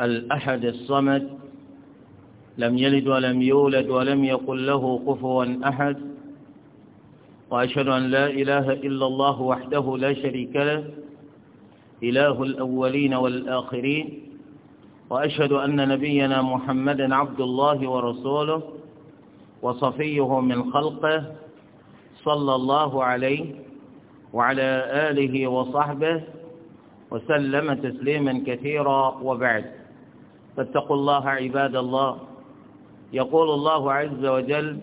الأحد الصمد لم يلد ولم يولد ولم يقل له كفوا أحد وأشهد أن لا إله إلا الله وحده لا شريك له إله الأولين والآخرين وأشهد أن نبينا محمدا عبد الله ورسوله وصفيه من خلقه صلى الله عليه وعلى آله وصحبه وسلم تسليما كثيرا وبعد فاتقوا الله عباد الله يقول الله عز وجل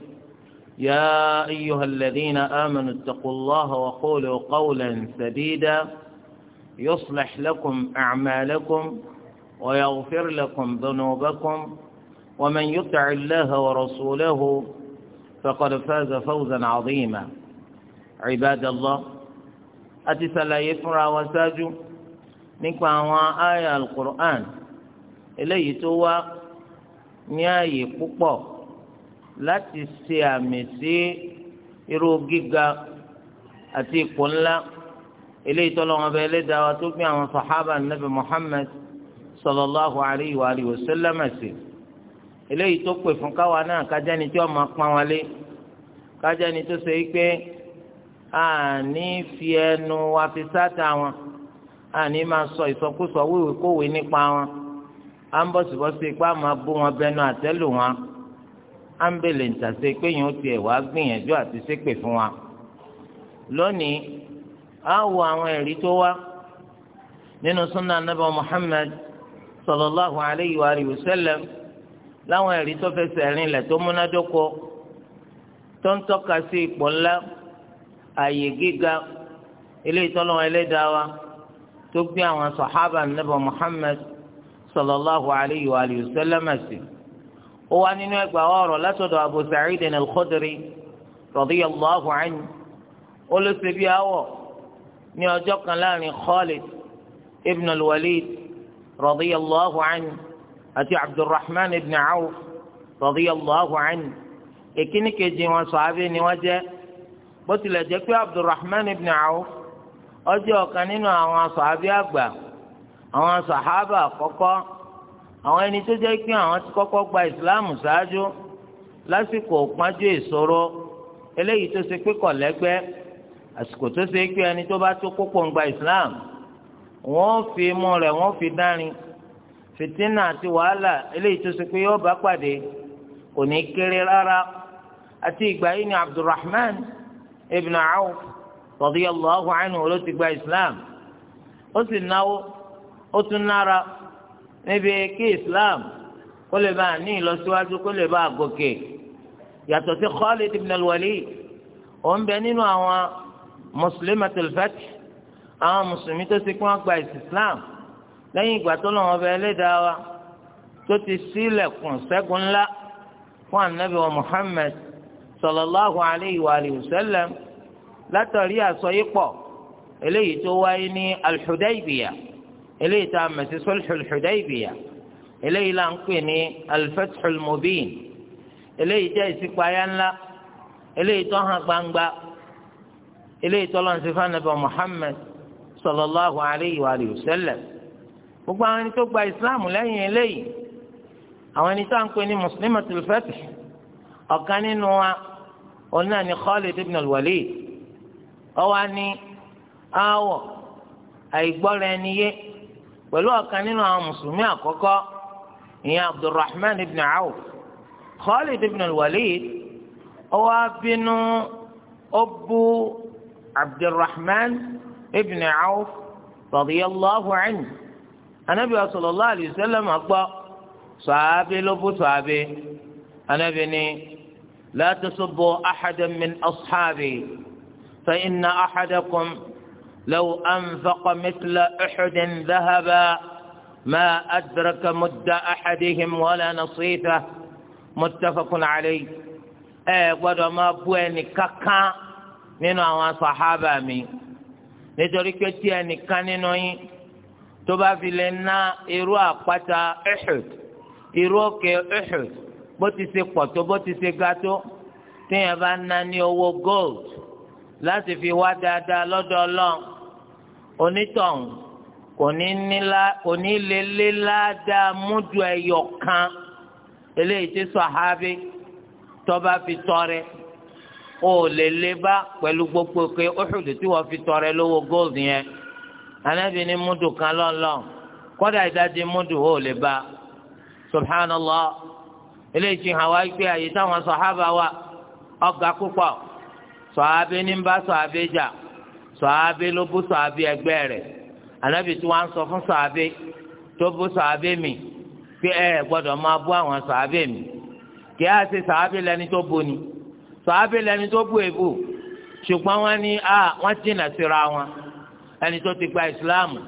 يا أيها الذين آمنوا اتقوا الله وقولوا قولا سديدا يصلح لكم أعمالكم ويغفر لكم ذنوبكم ومن يطع الله ورسوله فقد فاز فوزا عظيما عباد الله أتسلى يفرى وساجو نكوى آية القرآن eléyìí tó wá ní ààyè púpọ̀ láti ṣe àmì sí irú gíga àti ipò ńlá eléyìí tó lọ́wọ́ bẹ́ẹ̀ lẹ́dàá wa tó gbé àwọn sàhábà nàbì Muhammad sallallahu alayhi wa alihi wa sallam sí eléyìí tó pè fún káwa náà kájẹ́ni tí wọ́n máa pọ́n wọn lé kájẹ́ni tó ṣe é pé àní fi ẹnu wa fi sáta wọn àní máa sọ ìsọkúsọ wíwèé kówèé nípa wọn à ń bọ̀sibọ́sí pé a máa bó wọn bẹnu àtẹ́lù wọn à ń bèlè ń pé yìí ó tiẹ̀ wá gbìyànjú àti ṣépè fún wa lónìí a wo àwọn ẹ̀rí tó wá nínú súnà anábà Muhammad sallallahu alayhi wa alihi sallam láwọn ẹ̀rí tó fẹsẹ̀ rinlẹ̀ tó múnádóko tó ń tọ́ka sí ipò ńlá ààyè gíga ilé ìtọ́lọ́wọ́ ẹlẹ́dàá wa tó gbé àwọn sàhábà anábà Muhammad sallallahu alayhi wa alihi wa sallam sí ó wà nínú ẹgbàá ọ̀rọ̀ látọ̀dọ̀ abu sa'idin al-khudri radiyallahu anhu ó ló ṣe bí awọ̀ ní ọjọ́ kan láàrin khalid ibn al-walid radiyallahu anhu àti abdulrahman ibn awf radiyallahu anhu èkíní kejì wọn sàhábé ni wọ́n jẹ́ bó tilẹ̀ jẹ́ pé abdulrahman ibn awf ó ọ̀kan nínú àwọn sàhábé àgbà. àwọn sahaba kọkọ. àwọn ẹni tó jẹ́ pé àwọn ti kọkọ gba islam ṣáájú lásìkò pájú ìṣòro eléyìí tó ṣe pé kọ̀lẹ́gbẹ́ àsìkò tó ṣe ẹni tó bá tó kókó ń gba islam. wọn fi fi dárin fìtínà àti wàhálà eléyìí tó ṣe pé yóò bá pàdé kò ní kéré rárá àti ìgbà yìí ni Abdulrahman ibn ti gba islam. ó sì ó tún nára níbi kí islam kó lè bá ní ìlọsíwájú kó lè bá gòkè yàtọ̀ sí Khalid ibn al-Walid òun bẹ nínú àwọn muslimatul fath àwọn mùsùlùmí tó ti kún àgbà islam lẹ́yìn ìgbà tó lọ́wọ́ bẹ ẹlẹ́dàá wa tó ti ṣílẹ̀kùn ṣẹ́gun ńlá fún anabi wa muhammed sallallahu alayhi wa alayhi wa sallam látàrí àsọyípọ̀ eléyìí tó wáyé ní al eléyìí tá a mọ̀ sí sulhul Hudaybiya eléyìí là ń pè ní al-Fathul Mubin eléyìí jẹ́ ìṣípayá ńlá eléyìí tó hàn gbangba eléyìí tó lọ́n sí fanabi Muhammad sallallahu alayhi wa sallam gbogbo àwọn ẹni tó gba ìsìláàmù lẹ́yìn eléyìí àwọn ẹni tó ń pè ní muslimatul fath ọ̀kan nínú wa òun náà ni Khalid ibn al ọwọ́ á ní aáwọ̀ àìgbọ́ra ẹni yé pẹ̀lú ọ̀kan nínú àwọn mùsùlùmí àkọ́kọ́ ìyẹn abdulrahman ibn awf khalid ibn walid ó wá bínú ó bú abdulrahman ibn awf radiyallahu anhu anabi sallallahu alayhi wa sallam àgbọ sàábé ló bú sàábé anabi ni la tasubbu ahadan min ashabi fa inna ahadakum. لو أنفق مثل أحد ذهبا ما أدرك مد أحدهم ولا نصيفه متفق عليه ẹ gbọ́dọ̀ máa bú ẹnì kankan nínú àwọn sàhábà mi nítorí pé tí ẹnìkan nínú yín tó bá fi lè ná irú àpáta Uhud irú òkè Uhud bó ti ṣe pọ̀ tó bó ti ṣe ga tó téèyàn bá ná ní owó gold láti fi wá dáadáa lọ́dọ̀ Ọlọ́run onítọ̀hún kò ní nílá lé ládàá múdù ẹyọ kan eléyìí tí sọ̀hábí tọ́ba fi o lè lé bá pẹ̀lú gbogbo pé Uhud tí wọ́n fi tọrẹ lówó gold yẹn anábì ní múdù kan lọ́nlọ́n o lè bá subhanallah eléyìí tí hàn wá gbé àyè táwọn sọ̀hábà wà ọ̀gá púpọ̀ sọ̀hábí ní sọ̀hábé ló bú sọ̀hábé ẹgbẹ́ rẹ̀ anábì tí wọ́n á sọ fún sọ̀hábé tó bú sọ̀hábé mi pé ẹ gbọ́dọ̀ máa bú àwọn sọ̀hábé mi kí á ṣe sọ̀hábé lẹni tó bu ni sọ̀hábé lẹni tó bu èbù ṣùgbọ́n wọ́n ní a wọ́n jìnnà síra wọn ẹni tó ti gba ìsìláàmù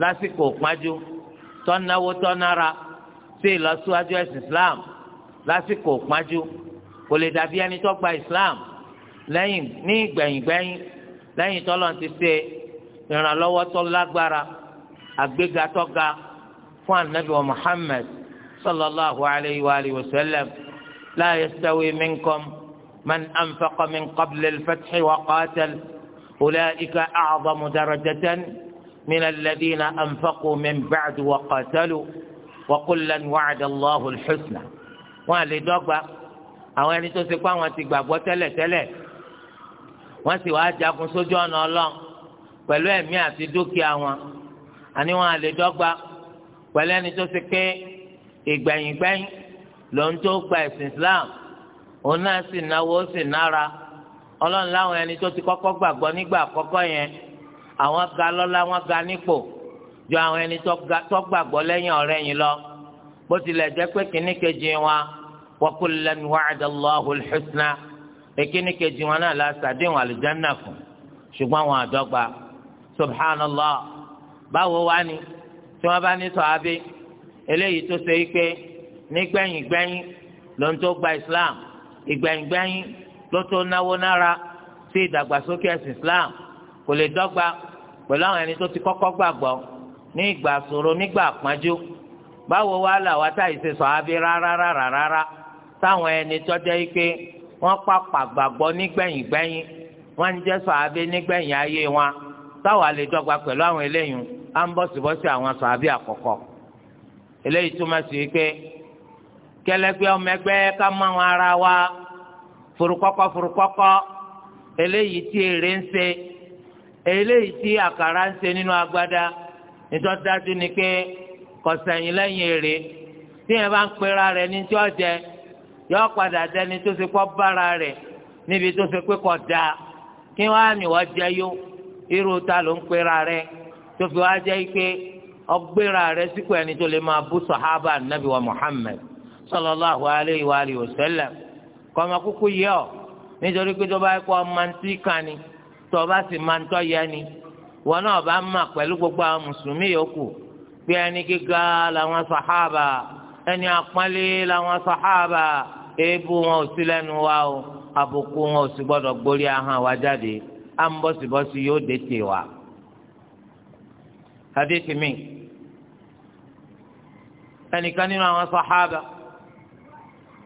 lásìkò pájú tọ́náwó tọ́nára sí ìlọsíwájú ẹ̀sìn islam lásìkò pájú kò lè dàbí ẹni tó gba ìsìláàmù lẹ́yìn ní ìgbẹ̀yìngbẹ́yìn lẹ́yìn tọ́lọ̀ ti ṣe ìrànlọ́wọ́ tó lágbára àgbéga tó ga fún anabi wa muhammed sallallahu alayhi wa alihi wa sallam la yastawi minkum man anfaqa min qabli al-fathi wa qatal ulaika a'zamu darajatan min alladhina anfaqu min ba'd wa qatalu wa kullan wa'ada allahu al wọn àlè dọ́gba àwọn ẹni tó ṣe pé àwọn ti gbàgbọ́ tẹ́lẹ̀ tẹ́lẹ̀ wọ́n sì wá jagun sójú ọ̀nà ọlọ́run pẹ̀lú ẹ̀mí àti dúkìá wọn àní wọn àlè dọ́gba pẹ̀lú ẹni tó ti pé ìgbẹ̀yìngbẹ̀yìn lòun tó gba ẹ̀sìn Islam òun náà sì náwó sì nára ọlọ́run láwọn ẹni tó ti kọ́kọ́ gbàgbọ́ nígbà àkọ́kọ́ yẹn àwọn ga lọ́lá wọn ga nípò ju àwọn ẹni tó gbàgbọ́ lẹ́yìn ọ̀rẹ́ yìí lọ bó tilẹ̀ jẹ́ pé kìnnìkejì wọn wa kullan wa'ada Allahul husna. ekini kejì wọn náà la sàdéhùn àlùjáná fún ṣùgbọ́n wọn àdọ́gba subhanallah báwo wá ni tí wọ́n bá ní sọ̀hábí eléyìí tó ṣe wípé nígbẹ̀yìn ló tó gba islam ìgbẹ̀yìn ló tó náwó nára sí islam kò lè àwọn ẹni tó ti ní ìgbà nígbà báwo wá làwọn ṣe rárá rárá rárá táwọn ẹni wọ́n pàpà gbàgbọ́ nígbẹ̀yìn gbẹ̀yìn wọ́n ń jẹ́ sọ̀hábé nígbẹ̀yìn ayé wọn táwa lè dọ́gba pẹ̀lú àwọn eléyìí á ń bọ̀sibọ́sí àwọn sọ̀hábé àkọ́kọ́ eléyìí túmọ̀ sí pé kẹlẹgbẹ ọmọ ẹgbẹ́ ká mọ àwọn ara wa furukọkọ furukọkọ eléyìí tí èrè ń ṣe eléyìí tí àkàrà ń ṣe nínú agbada ìtọ́jú ni pé kọ̀sẹ̀yìn lẹ́yìn èrè tí yẹn bá ń pera rẹ̀ ní tí ọ̀jẹ̀ yọ padà dẹni tó ṣe kọ́ bára rẹ̀ níbi tó ṣe pé kọ́ da kí wọ́n jẹ yó irú ta ló ń pera rẹ̀ tó fi wá pé ọgbéra ẹni tó lè máa bú nàbí wa Muhammad sallallahu alayhi wa alihi wa sallam kọ́mọ kúkú yẹ ọ nítorí pé tó bá kọ́ máa ń tí kan ni tó bá sì máa ń tọ́ yẹ ni wọn náà bá mà pẹ̀lú gbogbo àwọn mùsùlùmí yòókù pé ẹni gíga làwọn ẹni àpọ́nlé làwọn sàhábà èébú wọn ò sí lẹ́nu wa o àbùkù wọn ò sì gbọ́dọ̀ gborí ahọ́n wa jáde à ń bọ́sibọ́sí yóò dé tè wa. hadithi mi ẹnìkan nínú àwọn sàhábà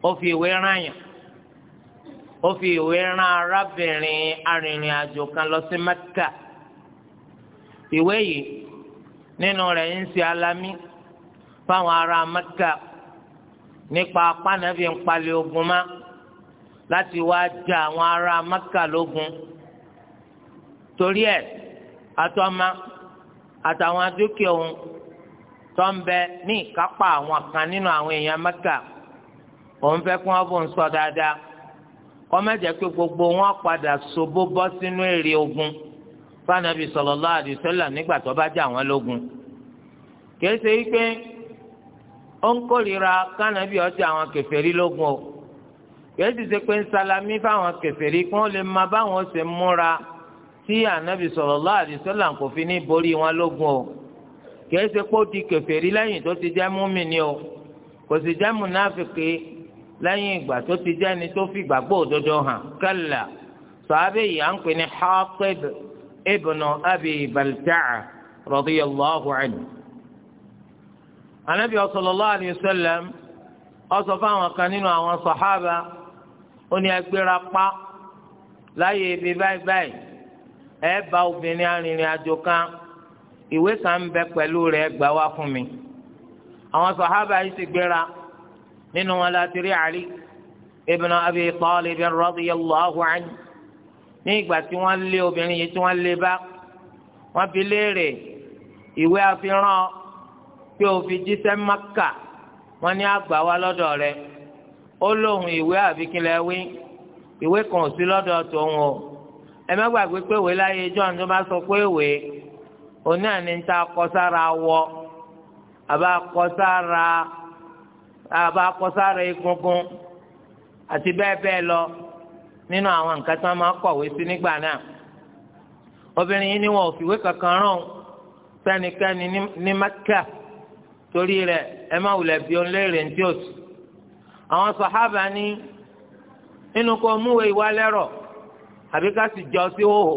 ó fi ìwé rányàn ó fi ìwé rán arábìnrin arìnrìn kan lọ sí Mẹ́kà ìwé yìí nínú rẹ̀ ń ṣe alámí fáwọn ará Mẹ́kà. nípa panafi ń ogun ma láti wá ja àwọn ará maka lógun torí e atọ́má àtàwọn dúkìá òun tó ń bẹ ní ìkápá àwọn kan nínú àwọn èèyàn Mẹ́kà òun fẹ́ kí wọ́n bò ń sọ dáadáa kọ́mẹ́jẹ̀ pé gbogbo wọn padà ṣòbó bọ́ sínú èrè ogun panafi sallallahu alaihi wasallam nígbà tó bá jà wọ́n lógun kìí ṣe wípé. ó ń kórìíra kánàbí ọjà àwọn kèfèrí lógun o kìí sì ṣe pé ń salami fáwọn kèfèrí kí wọ́n lè máa báwọn ṣe múra tí ànábì sallallahu alaihi wasallam kò fi ní borí wọn lógun o kìí ṣe pé ó di kèfèrí lẹ́yìn tó ti jẹ́ múmìnì o kò sì jẹ́ múnáfìkì lẹ́yìn ìgbà tó ti jẹ́ ni tó fi gbàgbọ́ òdodo hàn kálá sàábẹ́ yìí à ń pè ní Hatib ibn Abi Balta'a radiyallahu anhu anabi sallallahu alayhi wa sallam ó sọ fáwọn kan nínú àwọn sàhábà ó ní agbéra pa láyé ibi báyìí báyìí ẹ bá obìnrin arìnrìn àjò kan ìwé kan ń bẹ pẹ̀lú rẹ̀ gbà wá fún mi àwọn sàhábà yìí sì gbéra nínú wọn láti rí Ali ibn Abi Talib radiyallahu anhu ní ìgbà tí wọ́n lé obìnrin yìí tí wọ́n lé bá wọ́n fi léèrè ìwé àfihàn pé o fi jíṣẹ́ maka wọn ní àgbà wa lọ́dọ̀ rẹ ó lóhùn ìwé àbíkínlẹ̀ wí ìwé kan ò sí lọ́dọ̀ tòun o ẹ má gbàgbé pé ìwé láyé john tó bá sọ pé ìwé òun náà ní ta kọ sára wọ àbá kọ sára àbá kọ sára egungun àti bẹ́ẹ̀ bẹ́ẹ̀ lọ nínú àwọn nǹkan tí wọ́n máa kọ̀wé sí nígbà náà obìnrin yìí ni wọn ò fìwé kankan rán sẹ́nikẹ́ni ní Mẹ́kà. Ni, ni torí rẹ ẹ má wulẹ̀ bí òun léèrè ní tí ó tù àwọn sàhábà ní nínú kó múwe ìwà lẹ́rọ̀ àbí ká sì jọ sí hóhò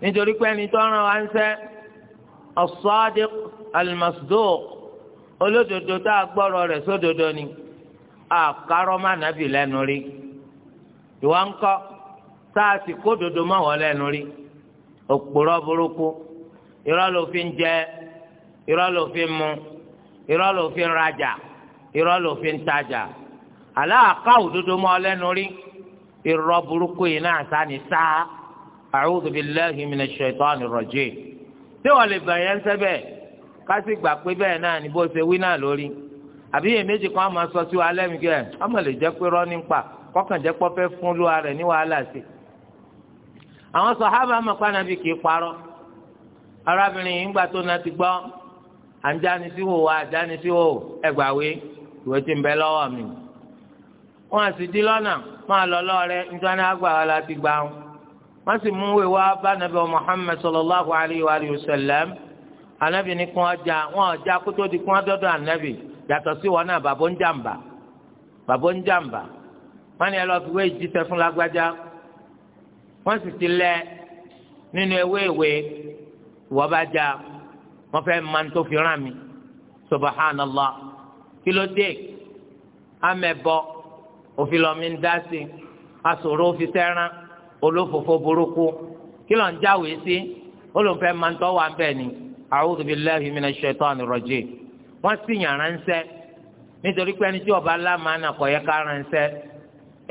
nítorí pé ẹni tó wa ń sẹ́ as-sadiq olódodo tá a gbọ́rọ̀ rẹ̀ sódodo ni àkàrọ̀ má nàbì lẹ́nu rí ìwà ń kọ́ tá a sì kó dodo má wọ́n lẹ́nu rí òpòrọ̀ burúkú fi ń fi mu. irọ́ ló fi ń rajà irọ́ ló fi ń tajà aláàká òdodo mọ́ lẹ́nu rí irọ́ burúkú yìí náà sáni sá a'udhu billahi minash shaitani rajim tí wọ́n lè bẹ̀rẹ̀ ń sẹ́bẹ̀ kásì gbà pé bẹ́ẹ̀ náà ni bó ṣe wí náà lórí àbí kan máa sọ sí wa lẹ́nu ọmọ lè jẹ́ pé rọ́ nípa kọ́kànjẹ́ pọ́ fẹ́ fún ní wàhálà sí i àwọn kì í parọ́ arábìnrin yìí ń gbà àǹjánisíwò wa àǹjánisíwò ẹgbàáwé ìwé tí ń bẹ lọ́wọ́ mi wọn sì di lọ́nà máa lọ lọ́ọ̀rẹ́ nítorí àgbà wa la ti gbà wọn wọn sì mú ìwé wa bá nàbẹ Muhammad sallallahu alayhi wa sallam anabi ni kún ọjà wọn ọjà kótó di kún ọdọdọ anabi yàtọ̀ sí wọn náà bàbá ń jàǹbá bàbá ń jàǹbá wọn ni ẹ lọ fi wé ìjíṣẹ́ fún lágbájá wọn sì ti lẹ nínú ewé ìwé ìwọ já. wọ́n fẹ máa ń tó fi rán mi subahánàlá kí ló dé amẹ́bọ òfin lọ́mi ń dá sí asòro fi sẹ́ran olófòfò burúkú ń jáwé sí olùfẹ́ ń tọ́ bẹ́ẹ̀ ni a'udhu billahi minash shaitanir wọ́n sì yàn ránṣẹ́ nítorí pé ẹni tí ọba yẹ ká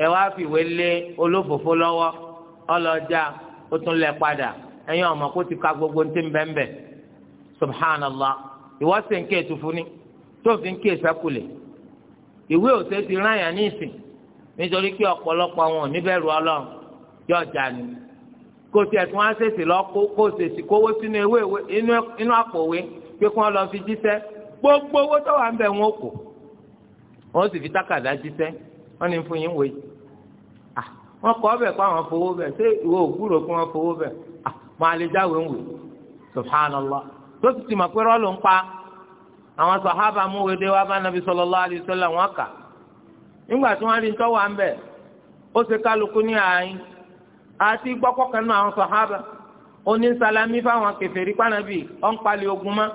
ẹ wá fìwé lé olófòfò lọ́wọ́ ọlọ́jà ó tún padà gbogbo ti subhanallah ìwọ sì ń ké tufu ni tó fi ń ké sákulè ìwé òsè ti ráyà ní ìsìn nítorí pé ọ̀pọ̀lọpọ̀ wọn ò ní bẹ̀rù ọlọ́run yọ ọjà ni kò tiẹ̀ tún á sèṣì lọ kó kó sèṣì kówó sínú ewé inú àpòwé pé kí wọ́n lọ fi jíṣẹ́ gbogbo owó tó wà ń bẹ̀ wọn kò wọ́n sì fi tákàdá jíṣẹ́ wọ́n ní fún yín wé wọ́n kọ́ ọbẹ̀ kó àwọn fowó bẹ̀ ṣé ìwọ òkúrò kó wọ́n fowó bẹ̀ mọ àlejáwé ń wè subhanallah tó sì ti mọ̀ pé rọ́ọ̀lù ń pa àwọn sàhábà múwèdè wa bá nàbí sallallahu alaihi wasallam wọn kà nígbà tí wọ́n rí ń tọ́wọ́ à ń bẹ̀ ó ṣe kálukú ní ààyìn àti gbọ́kọ́ kan náà àwọn sàhábà onísàlámí fáwọn kèfèrí pànàbí ọ̀n palẹ̀ ogun mọ́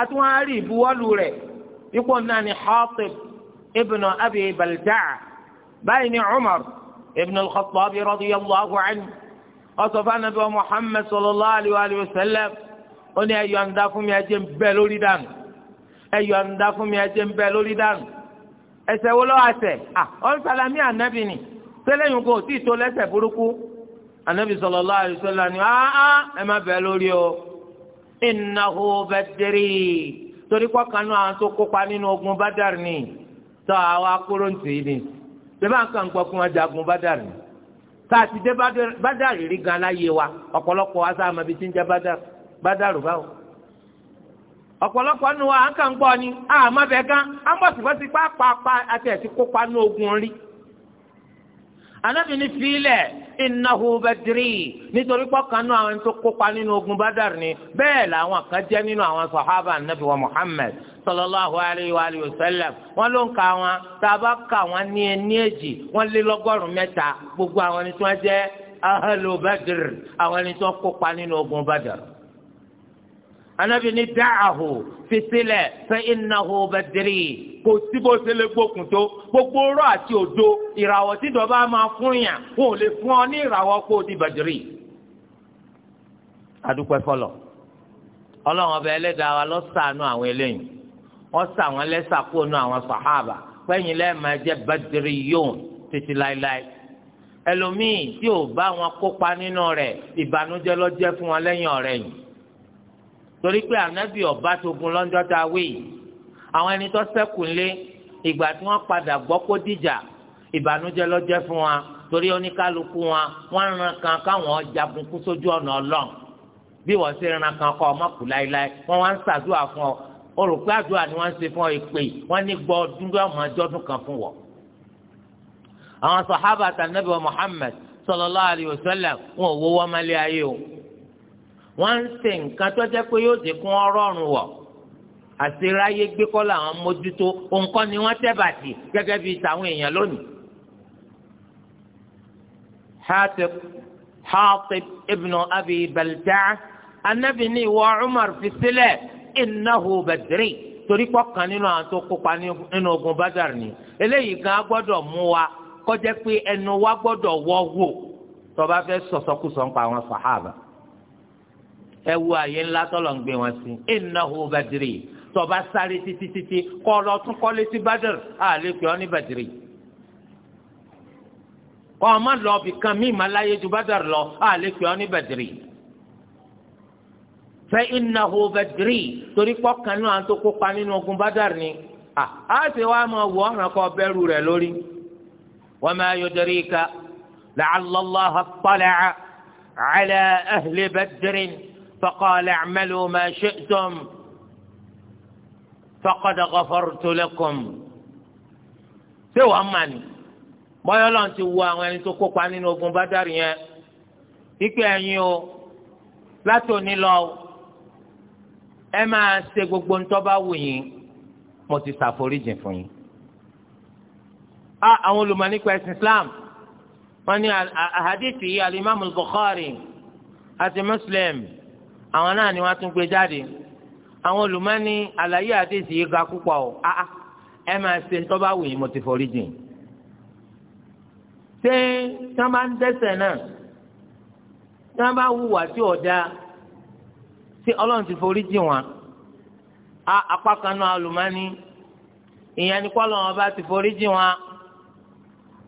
àti wọ́n á rí ìbuwọ́lù rẹ̀ ipò ni Hatib ibn Abi Balta'a báyìí ni Umar ibn al-Khattabi radiyallahu anhu ọ̀sọ̀fà nàbí wa Muhammad sallallahu alaihi wa sallam ó ní ẹyọ àǹdá fún mi ẹjẹ ń bẹ lórí dànù ẹyọ àǹdá fún mi ẹjẹ ń bẹ lórí dànù ẹsẹ̀ wo lọ́wọ́ àṣẹ à ọ̀n sàlámì ànábì ni tẹ́lẹ̀yìn kò tí ì tó lẹ́sẹ̀ burúkú ànábì sallallahu alaihi wasallam ni áá ẹ má bẹ lórí o innahu badri torí kọ́kànnú àwọn tó kópa nínú ogun Badar ni tọ́ àwọn akóró ntì ni tẹ́lẹ̀ àǹkà ń gbọ́ fún ọjà ogun Badar ni tá a ti dé Badar rí gan láyé wa ọ̀pọ̀lọpọ̀ wa sáà mọ̀ bí ti ń jẹ́ Badar. gbádàrú báwo ọ̀pọ̀lọpọ̀ nu wa à ń kàn gbọ́ ni àmọ́ bẹ̀ gan á ń bọ̀ sí fọ́sí pápápá àti ẹ̀sìn kópa ní ogun rí. anábìíní filẹ̀ innahu badri nítorí pọ́kàn nínú àwọn tó kópa nínú ogun ni bẹ́ẹ̀ làwọn kan jẹ́ nínú àwọn sahaba anabi wa sallallahu alayhi wọ́n ló ń ka wọn a ka wọn ní èjì wọ́n gbogbo àwọn ẹni jẹ́ anabi ni da'ahu fisilẹ fẹ innahu badiri kò sí bó ṣe lè gbókun tó gbogbo ọ̀rọ̀ àti òdo ìràwọ̀ tí dọba máa fún yàn wọn ò lè fún ọ ní ìràwọ̀ kó o di badiri. adúpẹ́ fọlọ̀ ọlọ́run ọba ẹlẹ́dàá wa lọ ṣàánú àwọn eléyìí wọ́n ṣà wọ́n kó nu àwọn sàhábà pẹ́yìn lẹ́ẹ̀ máa jẹ́ badiri yóò títí láéláé ẹlòmíì tí ò bá wọn kópa nínú rẹ̀ ìbànújẹ́ ló fún wọn lẹ́yìn ọ̀rẹ́yìn torí pé ànábì ọba tó gun lọ́jọ́ tá a wé yìí àwọn ẹni tó ṣẹ́kù ńlé ìgbà tí wọ́n padà gbọ́ kó dìjà ìbànújẹ́ ló jẹ́ fún wa torí oníkálukú wa wọ́n ran kan káwọn jagun kú sójú ọ̀nà ọlọ́run bí wọ́n ṣe ran kan kọ́ ọmọ kù láéláé wọ́n wá ń ṣàdúrà fún ọ o rò pé àdúrà ni wọ́n ń ṣe fún ọ ìpè wọ́n ní gbọ́ ọdún ọmọ ọjọ́dún kan fún wọ. àwọn sàhábà tànàbí wa Muhammad sallallahu alaihi wọn ò wọ́wọ́ mọ́lẹ́ ayé o wọ́n ń ṣe nǹkan tó jẹ́ pé yóò dínkù ọrọ́rùn wọ̀ àṣeráyé gbé kọ́ làwọn mójútó nǹkan ni wọ́n tẹ́ gẹ́gẹ́ bíi tàwọn èèyàn lónìí. Hatib Hatib ibn Abi Balta'a anabi ní ìwọ Umar fi sílẹ̀ innahu badri torí pọ̀ kan nínú àwọn tó kópa nínú ogun Badar ni eléyìí gan gbọ́dọ̀ mú wa kọjá pé ẹnu wa gbọ́dọ̀ wọ́ pa àwọn sàhábà ẹ wo àyè ńlá tọ́lọ̀ ń gbé wọn sí innahu badiri tọba sáré títí títí kọ́ lọ tún kọ́lé sí badr àlè pé ọ́ ní badiri kọ́ ọ má lọ bì kan mí ìmàláyé ju badr lọ àlè pé ọ́ ní badiri fẹ́ innahu badiri torí pọ́ náà tó kópa nínú ogun badr ni a ṣe wá máa wọ ọ̀ràn kọ́ bẹ́rù rẹ̀ lórí wa ma yudrika la'alla Allah tala'a ala ahli badrin. فقال اعملوا ما شئتم فقد غفرت لكم ṣé wàá mà ní bọ́yọ́ lọ́n ti wo àwọn ẹni tó kópa nínú ogun bádàrí yẹn wípé ẹ̀yin o láti òní lọ ẹ máa ṣe gbogbo ntọ́ bá wù yín mo ti ṣàforíjì fún yín. àwọn olùmọ̀ nípa ẹ̀sìn Islam wọ́n ní àhàdìsí alimami Bukhari àti Muslim àwọn náà ni wọ́n tún gbé jáde àwọn olùmọ́ni àlàyé àdéhìsì yìí ga púpọ̀ o a ah, ah. ẹ máa ṣe tó bá wù yín mo ti forí jìn ṣé tí wọ́n bá ń dẹ́ṣẹ̀ náà tí bá hùwà tí ò tí ọlọ́run ti forí jìn wọn a ah, apá kan náà olùmọ́ni ìyẹn ni kọ́lọ́ wọn bá ti forí jìn wọn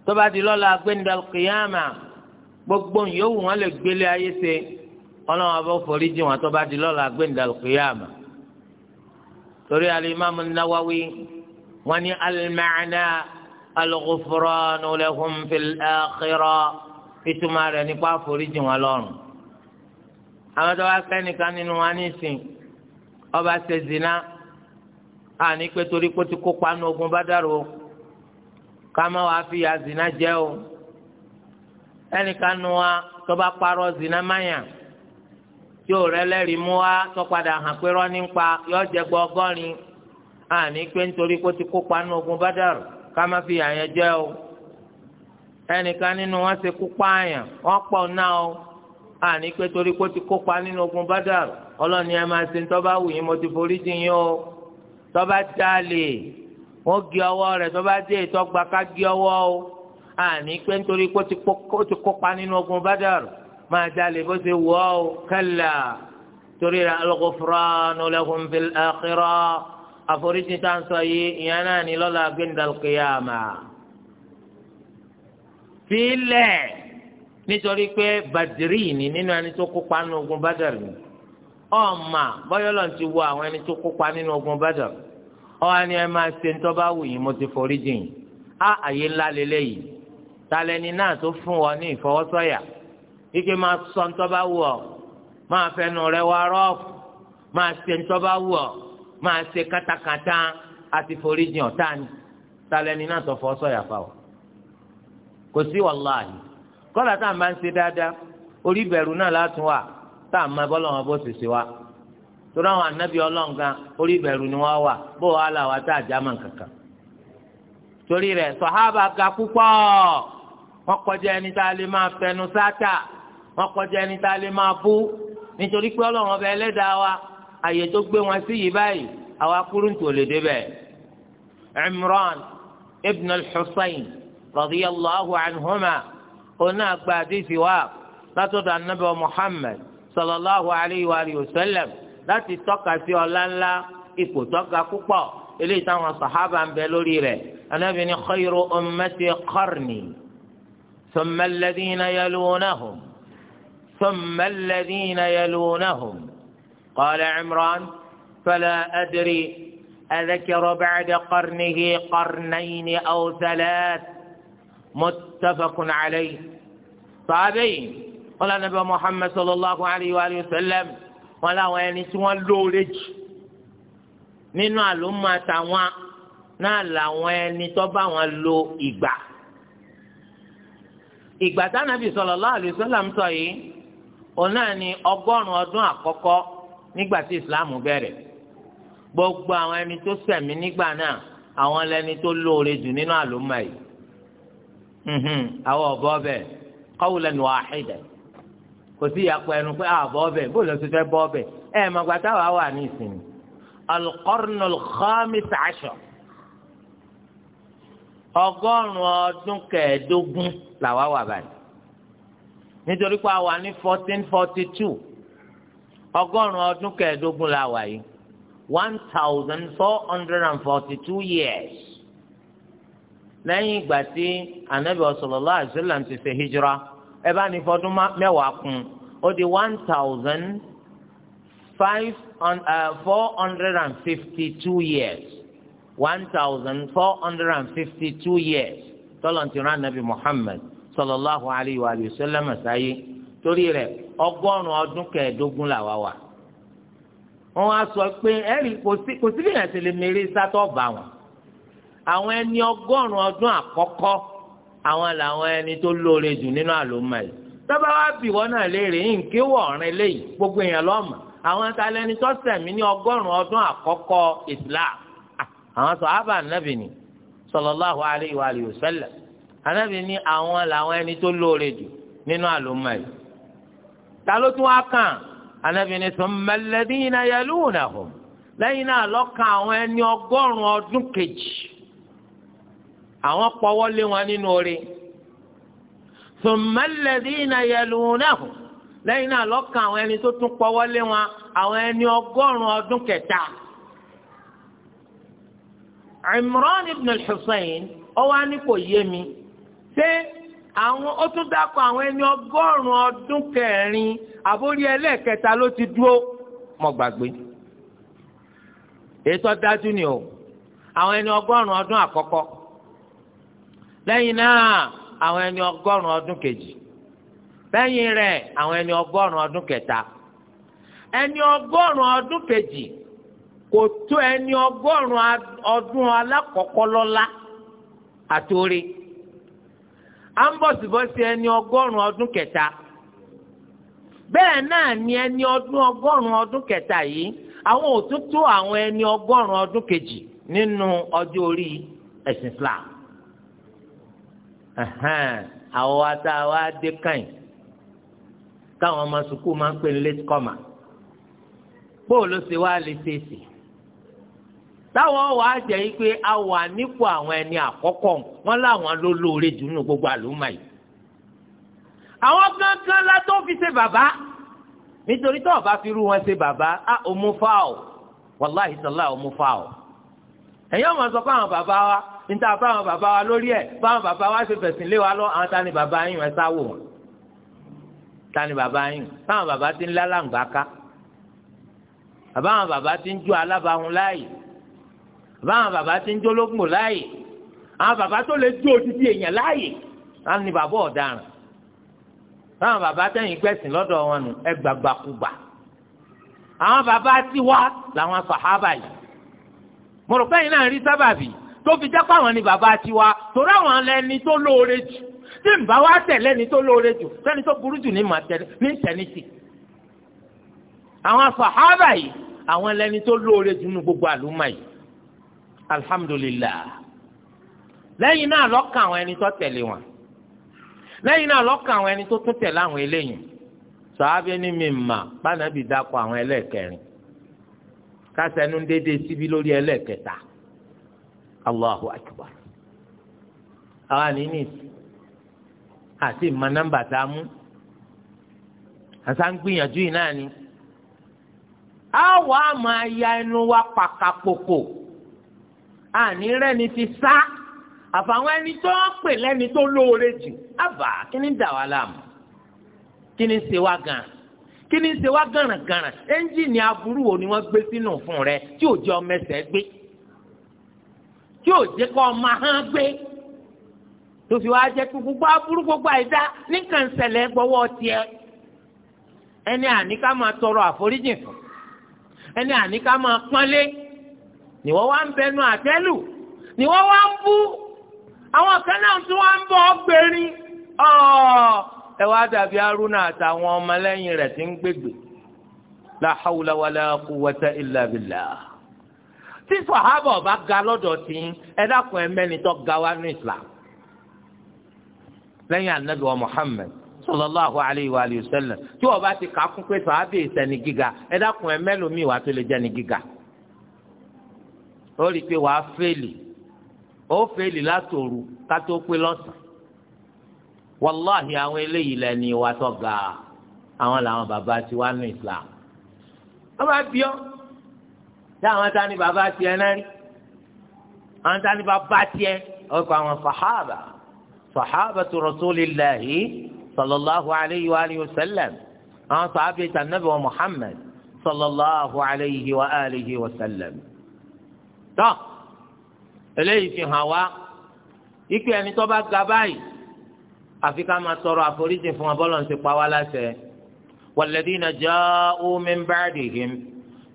tó bá di lọ́la gbẹ̀ndàkìyàmà gbogbo yòówù wọn lè gbélé ayé ṣe ọlọ́run abọ́ forí jìn wọn tó bá di lọ́la gbẹ̀ndàlù kìyàmà torí alimami nawawi wọn ni alimacna alugufuranu lahum fil akhira ìtumá rẹ̀ nípa forí jìn wọn lọ́run àwọn tó bá kẹ́nìkan nínú wọn ní ìsìn ọba ṣe zina àní pé torí pé ti kópa nu ogun bá dàrú ká wàá fi ya zina jẹ́ o ẹnìkan nu wa tó bá parọ́ zina máyà yóò rẹ́lẹ́rìí mú wá tó padà hàn pé rọ́ọ̀nì ń pa yóò jẹ́ gbọ́ ọgọ́rin àní pé nítorí kó ti kópa nínú ogun bádàrú ká má fi àyàn jẹ o ẹnìkan nínú wọn ṣe kópa àyàn wọn pọ̀ náà o àní pé torí kó ti kópa nínú ogun bádàrú ọlọ́ni ẹ máa ṣe tọ́ba wù yín mo ti forí jì yín o tọ́ba jalè wọ́n gé ọwọ́ rẹ̀ tọ́ba dé ìtọ́gba ká gé ọwọ́ o àní pé nítorí kó ti kópa nínú ogun bádàrú máa jalè bó ṣe wọ́ ọ kálá torí ra al-ghufranu lahum fil akhirah àforíjì tá à ń sọ yìí ìyẹn náà ní lọ́la gbẹ̀ndàl qiyama. sílẹ̀ nítorí pé bàdìrì ni nínú ẹni tó kópa nínú ogun bàdàrì ni ọ̀ma bọ́yọ̀lọ̀ ti wo àwọn ẹni tó kópa nínú ogun bàdàrì ọ̀hà ni ẹ máa ṣe ń tó wù yín mo ti foríjì yín á àyè ńlá lélẹ́yìí talẹ́ni náà tó fún ọ ní ìfọwọ́sọ̀yà. ike ma sọ ntọ́ba wù ọ́ ma fẹnu rẹ wá ma se ntọba wu ọ ma se ṣe ati àti foríjì ọ̀tá ni náà sọ fọ́ sọ̀yà fa o kò sí wàláhì kọ́lá tá a máa ń se dáadáa orí bẹ̀rù náà wà tá a máa bọ́lọ̀ wọn bó sì wa torí àwọn orí ni wọ́n wa tá a já mọ̀ kankan torí rẹ̀ sọ̀hábà ga púpọ̀ wọ́n kọjá ẹni tá a wọn kọjá ẹni tá a lè máa bú nítorí pé ọlọ́run ọba ẹlẹ́dàá wa àyè tó gbé wọn sí yìí báyìí àwa kúrú tó lè débẹ̀. Imran ibn al-Husayn radiyallahu anhuma oní àgbà àdìsí wa látọ̀dọ̀ anabi Muhammad sallallahu alayhi wa sallam láti tọ́ka sí ọlá ńlá ipò tọ́ka púpọ̀ eléyìí táwọn sàhábà ń bẹ lórí rẹ̀ anabi ni khayru ummati qarni thumma alladhina yalunahum. ثم الذين يلونهم قال عمران فلا أدري أذكر بعد قرنه قرنين أو ثلاث متفق عليه صحابي قال النبي محمد صلى الله عليه وآله وسلم ولا وين سوى اللولج nínú àlùmọ́ àtàwọn náà làwọn ẹni tó bá wọn lo ìgbà ìgbà tánàbì sallallahu òun náà ni ọgọ́rùn-ún ọdún àkọ́kọ́ nígbà tí ìsìláàmù bẹ̀rẹ̀ gbogbo àwọn ẹni tó ṣẹ̀mí nígbà náà àwọn lẹni tó lóore jù nínú àlùmọ yìí àwọn ọ̀bọ bẹ́ẹ̀ qawlan wahidan kò sí ìyàpọ̀ ẹnu pé àbọ̀ ah, ọbẹ̀ bó lọ sí fẹ́ bọ́ ọbẹ̀ ẹ̀ màgbà táwa wà ní ìsinmi al-qarn al-khamis ashar ọgọ́rùn-ún wà báyìí nítorí pé a wà ní fourteen forty two ọgọ́rùn-ún ọdún kẹẹ̀ẹ́dógún la wà yìí one thousand four hundred and forty two years lẹ́yìn ìgbà tí anabi sallallahu alaihi wasallam ti ṣe hijira ẹ bá ní fọdún mẹ́wàá kún ó di one thousand five uh, four hundred and fifty two years one thousand four hundred and fifty two years tọ́lọ̀ ti rán anabi Muhammad sallallahu alayhi wa sallam sáyé torí rẹ̀ ọgọ́rùn ọdún kẹẹ̀ẹ́dógún làwa wà wọ́n wá sọ pé ẹrí kò sí lèèyàn ti lè mèrè sátọ bá wọn àwọn ẹni ọgọ́rùn ọdún àkọ́kọ́ àwọn làwọn ẹni tó lóore jù nínú àlòmọ yìí tọ́ba wá bì wọ́n náà léèrè yìí nké wọ̀ ọ̀rìn léyìí gbogbo èèyàn lọ́mọ àwọn atalẹ́ni tó sẹ̀mí ní ọgọ́rùn ọdún àkọ́kọ́ Islam ah, àwọn sọ̀hábà nàbì ni sallallahu alayhi wa sallam anábì ní àwọn làwọn ẹni tó lóore jù nínú àlùmọ́ yìí ta ló tún wá kàn anábì ní summa alladhina yalunahum lẹ́yìn náà lọ́kàn àwọn ẹni ọgọ́rùn-ún ọdún kejì àwọn pọ̀wọ́ lé wọn nínú oore summa alladhina yalunahum lẹ́yìn náà lọ́kàn àwọn ẹni tó tún pọ̀wọ́ lé wọn àwọn ẹni ọgọ́rùn ọdún kẹta. Imran ibn al-Husayn ó wá yé mi ṣé àwọn ó tún dákọ àwọn ẹni ọgọ́rùn-ún ọdún kẹrin àbórí ẹlẹ́ẹ̀kẹta ló ti dúró mọ́ gbàgbé ètò dájú o àwọn ẹni ọgọ́rùn-ún ọdún àkọ́kọ́ lẹ́yìn náà àwọn ẹni ọgọ́rùn-ún ọdún kejì lẹ́yìn rẹ̀ àwọn ẹni ọgọ́rùn-ún ọdún ẹni ọgọ́rùn-ún kejì kò ẹni ọgọ́rùn-ún ọdún alákọ̀ọ́kọ́ à ń bọ̀ síbọ̀ ẹni ọgọ́rùn-ún ọdún kẹta bẹ́ẹ̀ ni ẹni ọdún ọgọ́rùn-ún ọdún kẹta yìí àwọn ẹni ọgọ́rùn-ún ọdún kejì nínú ọjọ́ orí ẹ̀sìn Islam àwọn ata wa dé kàn táwọn ọmọ sukùl máa late comer bóòlù lè táwọn wà á jẹ́ yí pé a wà nípò àwọn ẹni àkọ́kọ́ wọn láwọn ló lóore jù nínú gbogbo àlùmọ́ yìí. àwọn kankan látó fi ṣe bàbá nítorí tó o fi rú wọn ṣe bàbá a ò mú fa o wàláhì sàlá ò mú fa o. ẹ̀yin ọmọ sọ fáwọn bàbá wa níta fáwọn bàbá wa lórí ẹ̀ fáwọn bàbá wa ṣe fẹ̀sìn lé wa lọ àwọn ta ni bàbá yín ẹ sáwò wọn ta ni bàbá yín fáwọn bàbá ti ń lálàǹgbá ká àbáwọn bàbá ti ń ju alábàáhùn láàyè báwọn bàbá ti ń jólógùn láàyè àwọn bàbá tó lè jó odidi èèyàn láàyè láwọn ni bàbá ọ̀daràn báwọn bàbá tẹ̀yìn gbẹ̀sìn lọ́dọ̀ wọn nù ẹ gbàgbàkúgbà àwọn bàbá ti wá làwọn sàhábà yìí mo rò pé yín náà rí sábàbí tó fi jẹ́ pàwọn ni bàbá ti wá torí àwọn lẹni tó lóore jù tí n bá wá tẹ̀lé ni tó lóore jù sẹ́ni tó burú jù ní tẹ̀nìtì àwọn sàhábà yìí àwọn lẹni tó lóore jù nínú gbogbo àlùmọ́ yìí alhamdulillah lẹ́yìn náà lọ́kàn àwọn ẹni tó tẹ̀lé wọn lẹ́yìn náà lọ́kàn àwọn ẹni tó tún tẹ̀lé àwọn eléyìí sọ́hábẹ́ ní mi mà bánàbí dákọ̀ àwọn ẹlẹ́ẹ̀kẹrin kásẹ̀nu dédé síbi lórí ẹlẹ́ẹ̀kẹta allahu akbar àwọn àníní àti ìmọ̀ nọ́mbà tá a mú àti à gbìyànjú yìí náà ni. a wàá máa ya ẹnu wa pàkàpọ̀kọ̀. àní rẹ́ni ti sá àfàwọn ẹni tó ń pè lẹ́ni tó lóore jù àbá kí ni dà wá láàmú kí ni ṣe wá gan kí ni ṣe wá gànràngànrà ẹ́ńjìnì aburú wo ni wọ́n gbé sínú fún rẹ tí ò jẹ́ ọmọ ẹsẹ̀ gbé tí ò jẹ́ kọ́ ọmọ ahọ́n gbé tó fi wá jẹ́ kó gbogbo aburú gbogbo àìdá nìkan ṣẹlẹ̀ gbọ́wọ́ tiẹ̀ ẹni àní ká máa tọrọ àforíjì fún ẹni àní ká máa pọ́nlé. ni wọ́n wá ń bẹnu àtẹ́lù ni wọ́n wá ń bú àwọn kan náà tún wá ń bọ̀ ọgbẹ́rin ẹ wá dàbí arúnà àtàwọn ọmọlẹ́yìn rẹ̀ tí ń gbègbè la hawla wala quwwata illa billah tí sọ̀hábà ọba ga lọ́dọ̀ tí ẹ dákun ẹ mẹ́ni tó ga wá ní islam lẹ́yìn anabi wa muhammed sallallahu alayhi wa sallam tí ọba ti kà á kún pé sọ̀hábà ìsẹ̀ni gíga ẹ dákun ẹ mẹ́lòmíì wà tó lè jẹ́ gíga ó rí i pé wàá fèlì ó fèlì látòru ká tó pé lọ́sàn-án wàláhì àwọn eléyìí lẹ́ni wa tó ga àwọn làwọn bàbá tí wàá nù Islam wọ́n bá bí ọ́ tí àwọn tá ni bàbá tiẹ̀ náà rí àwọn tá ni bàbá tiẹ̀ ọkọ̀ àwọn sàhábà sàhábà tó rasulillahi sallallahu alayhi wa alihi wa sallam àwọn sàhábà ìtàn nàbẹ̀ wa Muhammad sallallahu wa alihi wa sallam tọ́ eléyìí fi hàn wá ikú ẹni tó bá ga báyìí àfi ká máa tọrọ àforíjì fún abọ́lọ̀ ti pa wá láṣẹ. walladhina ja'u min ba'dihim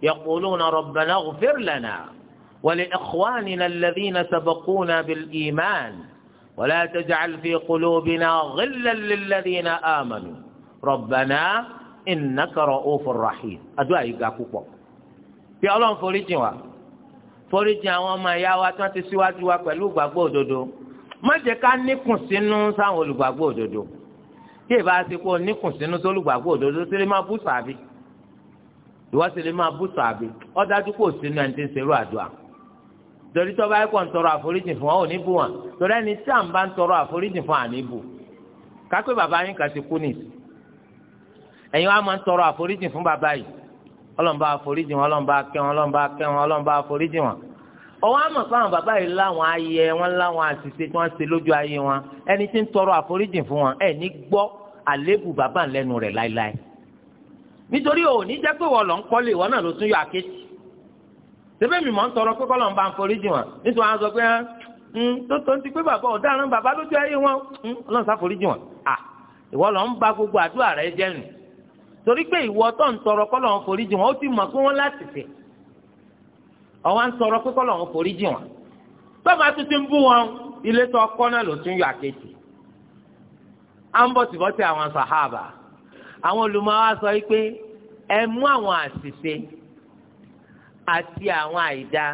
yaquluna rabbana ighfir lana wa li ikhwanina alladhina sabaquna bil iman wa la taj'al fi qulubina ghillan lilladhina amanu rabbana innaka ra'ufur rahim. àdúrà yìí ga púpọ̀ bí ọlọ́run foríjì wa foríjì àwọn ọmọ ìyá wa tí wọ́n ti síwájú wa pẹ̀lú ìgbàgbọ́ òdodo má jẹ́ ká níkùn sínú sáwọn olùgbàgbọ́ òdodo tí ìbá ti kó níkùn sínú sí olùgbàgbọ́ òdodo sí lè máa bú sàbí ìwọ sì lè máa bú sàbí ó dájú kò sínú ẹni tí ń serú àdúrà torí tó bá yẹ kó ń tọrọ àforíjì fún ọ ò ní bú wọn torí ẹni tí à ń bá ń tọrọ àforíjì fún àní bù kápẹ́ bàbá yín kà ti kú nìsí ẹ̀yin wa máa ń tọrọ àforíjì fún bàbá yìí ọlọ́nba àforíjì wọn ọlọ́nba akẹ́ wọn ọlọ́nba akẹ́ wọn ọlọ́nba àforíjì wọn. ọwọ́ àmọ̀ fáwọn bàbá yìí láwọn ayẹ wọn láwọn àṣìṣe tí wọ́n ṣe lójú ayé wọn ẹni tí ń tọrọ àforíjì fún wọn ẹ̀ ní gbọ́ àlébù bàbá ńlẹ́nu rẹ̀ láéláé. nítorí ò ní jẹ́ pé wọ́n lọ ń kọ́lé wọn náà ló tún yọ àkéjì. sẹ́fẹ́ mi mọ̀ ń tọrọ pé kọ́lọ́ ń bá àforíjì wọn nítorí wọn sọ pé tó tó torí pé ìwọ tó ń tọrọ kọ́ lọ́wọ́ forí jì wọ́n ó ti mọ̀ pé wọ́n láti sè ọ̀wọ́n ń tọrọ pé kọ́ lọ́wọ́ forí jì wọ́n tọ́ba tó ti ń bú wọn ilé tó ọkọ náà ló tún yọ àkejì à ń bọ̀ síbọ̀ àwọn sàhábà àwọn olùmọ̀wá sọ pé ẹ mú àwọn àṣìṣe àti àwọn àìdá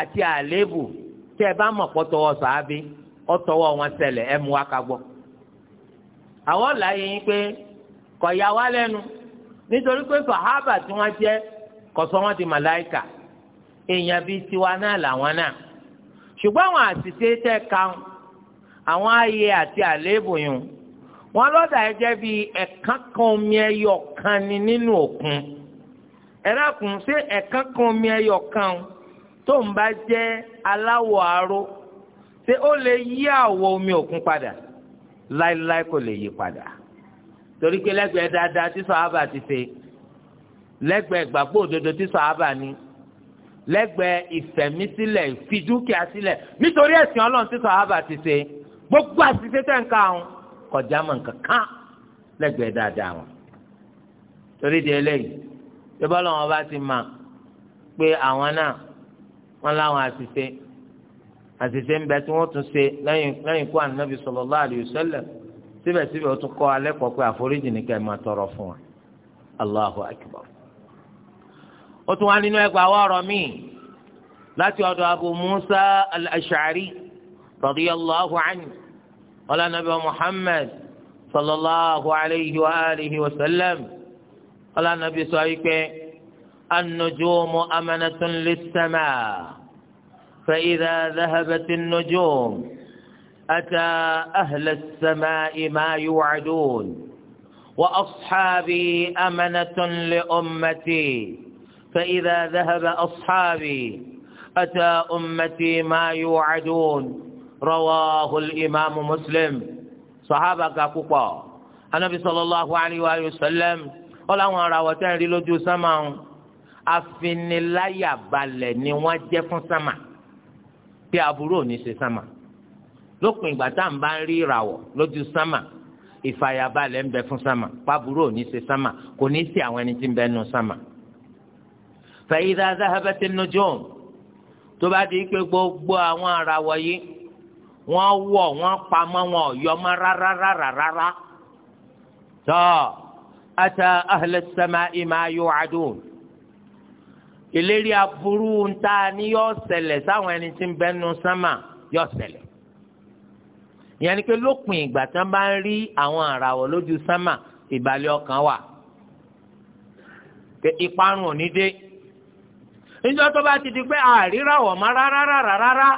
àti àléébù tí ẹ bá mọ̀ pọ̀ tọwọ́ sàábí ọ̀tọwọ́ wọn ṣẹlẹ̀ ẹ mú wa ká gbọ́ àwọn làáyé yín pé. kò yà wá lẹ́nu nítorí pé sàhábà tí wọ́n jẹ́ kò sọ wọ́n di màláìkà èèyàn bíi tiwa náà làwọn náà ṣùgbọ́n àwọn àṣìṣe tẹ́ ka àwọn ààyè àti àléébù yùn wọ́n lọ́dà ẹ jẹ́ bíi ẹ̀kan kan omi ẹyọ kan ni nínú òkun ẹ̀rẹ́kùn ṣé ẹ̀kan kan omi ẹyọ kan tó ń bá jẹ́ aláwọ̀ aró ṣé ó lè yí àwọ̀ omi òkun padà láéláé kò lè yí padà torí pé lẹ́gbẹ̀ẹ́ dáadáa tí sọ̀hábà ti ṣe lẹ́gbẹ̀ẹ́ gbàgbọ́ òdodo tí sọ̀hábà ni lẹ́gbẹ̀ẹ́ ìfẹ̀mísílẹ̀ ìfidúkìá sílẹ̀ nítorí ẹ̀sìn ọlọ́run tí sọ̀hábà ti ṣe gbogbo àṣìṣe tẹ̀ ń ká wọn kọjá mọ̀ kankan lẹ́gbẹ̀ẹ́ dáadáa wọn. torí di eléyìí bí bọ́lá wọn bá ti mọ̀ pé àwọn náà wọ́n láwọn àṣìṣe àṣìṣe ń bẹ tí wọ́n tún ṣe lẹ́yìn ikú ànábì sallallahu alaihi wasallam síbẹ̀síbẹ̀ ó tún kọ́ alẹ́ kọ́ pé àforíjì ni ká ẹ máa tọrọ fún wa allahu akbar. ó tún wá nínú ẹgbàá wọ́ọ̀rọ̀ míì láti ọ̀dọ̀ abu musa al-ashari radiyallahu anhu wala nabi muhammad sallallahu alayhi wa alihi wa sallam wala nabi sọ wípé an amanatun lis fa idha dhahabat an أتى أهل السماء ما يوعدون وأصحابي أمنة لأمتي فإذا ذهب أصحابي أتى أمتي ما يوعدون رواه الإمام مسلم صحابة كاكوكا النبي صلى الله عليه وآله وسلم قال أنا راوتين للوجو سما أفني لا يبالي نواجه سما في أبروني سما lópin ìgbà tá à ń bá ń rí ìràwọ̀ lójú sámà ìfàyàbalẹ̀ ń bẹ fún sámà pàbúrò ní ṣe sámà kò ní sí àwọn ẹni tí ń bẹ nu sámà. fa tó bá di pé gbogbo àwọn wọn yọmọ rárárárárá. tọ́ ata ìlérí aburú ń ta ni sáwọn ẹni tí ìyẹn ni pé lópin ìgbà tí wọ́n bá ń rí àwọn àràwọ̀ lójú sánmà ìbàlẹ̀ ọkàn wà pé ìparun ò ní dé níjọ́ tó bá ti di pé àríràwọ̀ má rárá rárá rárá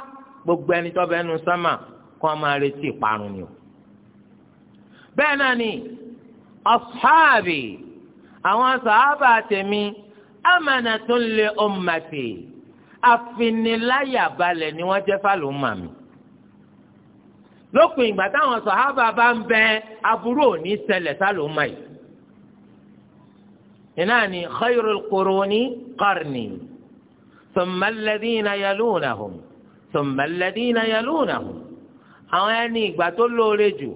gbogbo ẹni tó bẹ́ẹ̀ nu sánmà kó a máa retí ìparun ni o bẹ́ẹ̀ náà ni ọ̀sáàbì àwọn sàábà tèmi amànàtún ọmọ àti àfiniláyàbalẹ̀ ni wọ́n jẹ́ fàlùmọ̀ mi lópin ìgbà táwọn sọ̀hábà bá ń bẹ aburú òní ṣẹlẹ̀ sálòmá yìí iná ni khayrul quruni qarni thumma alladhina yalunahum thumma alladhina yalunahum àwọn ẹni ìgbà tó lóore jù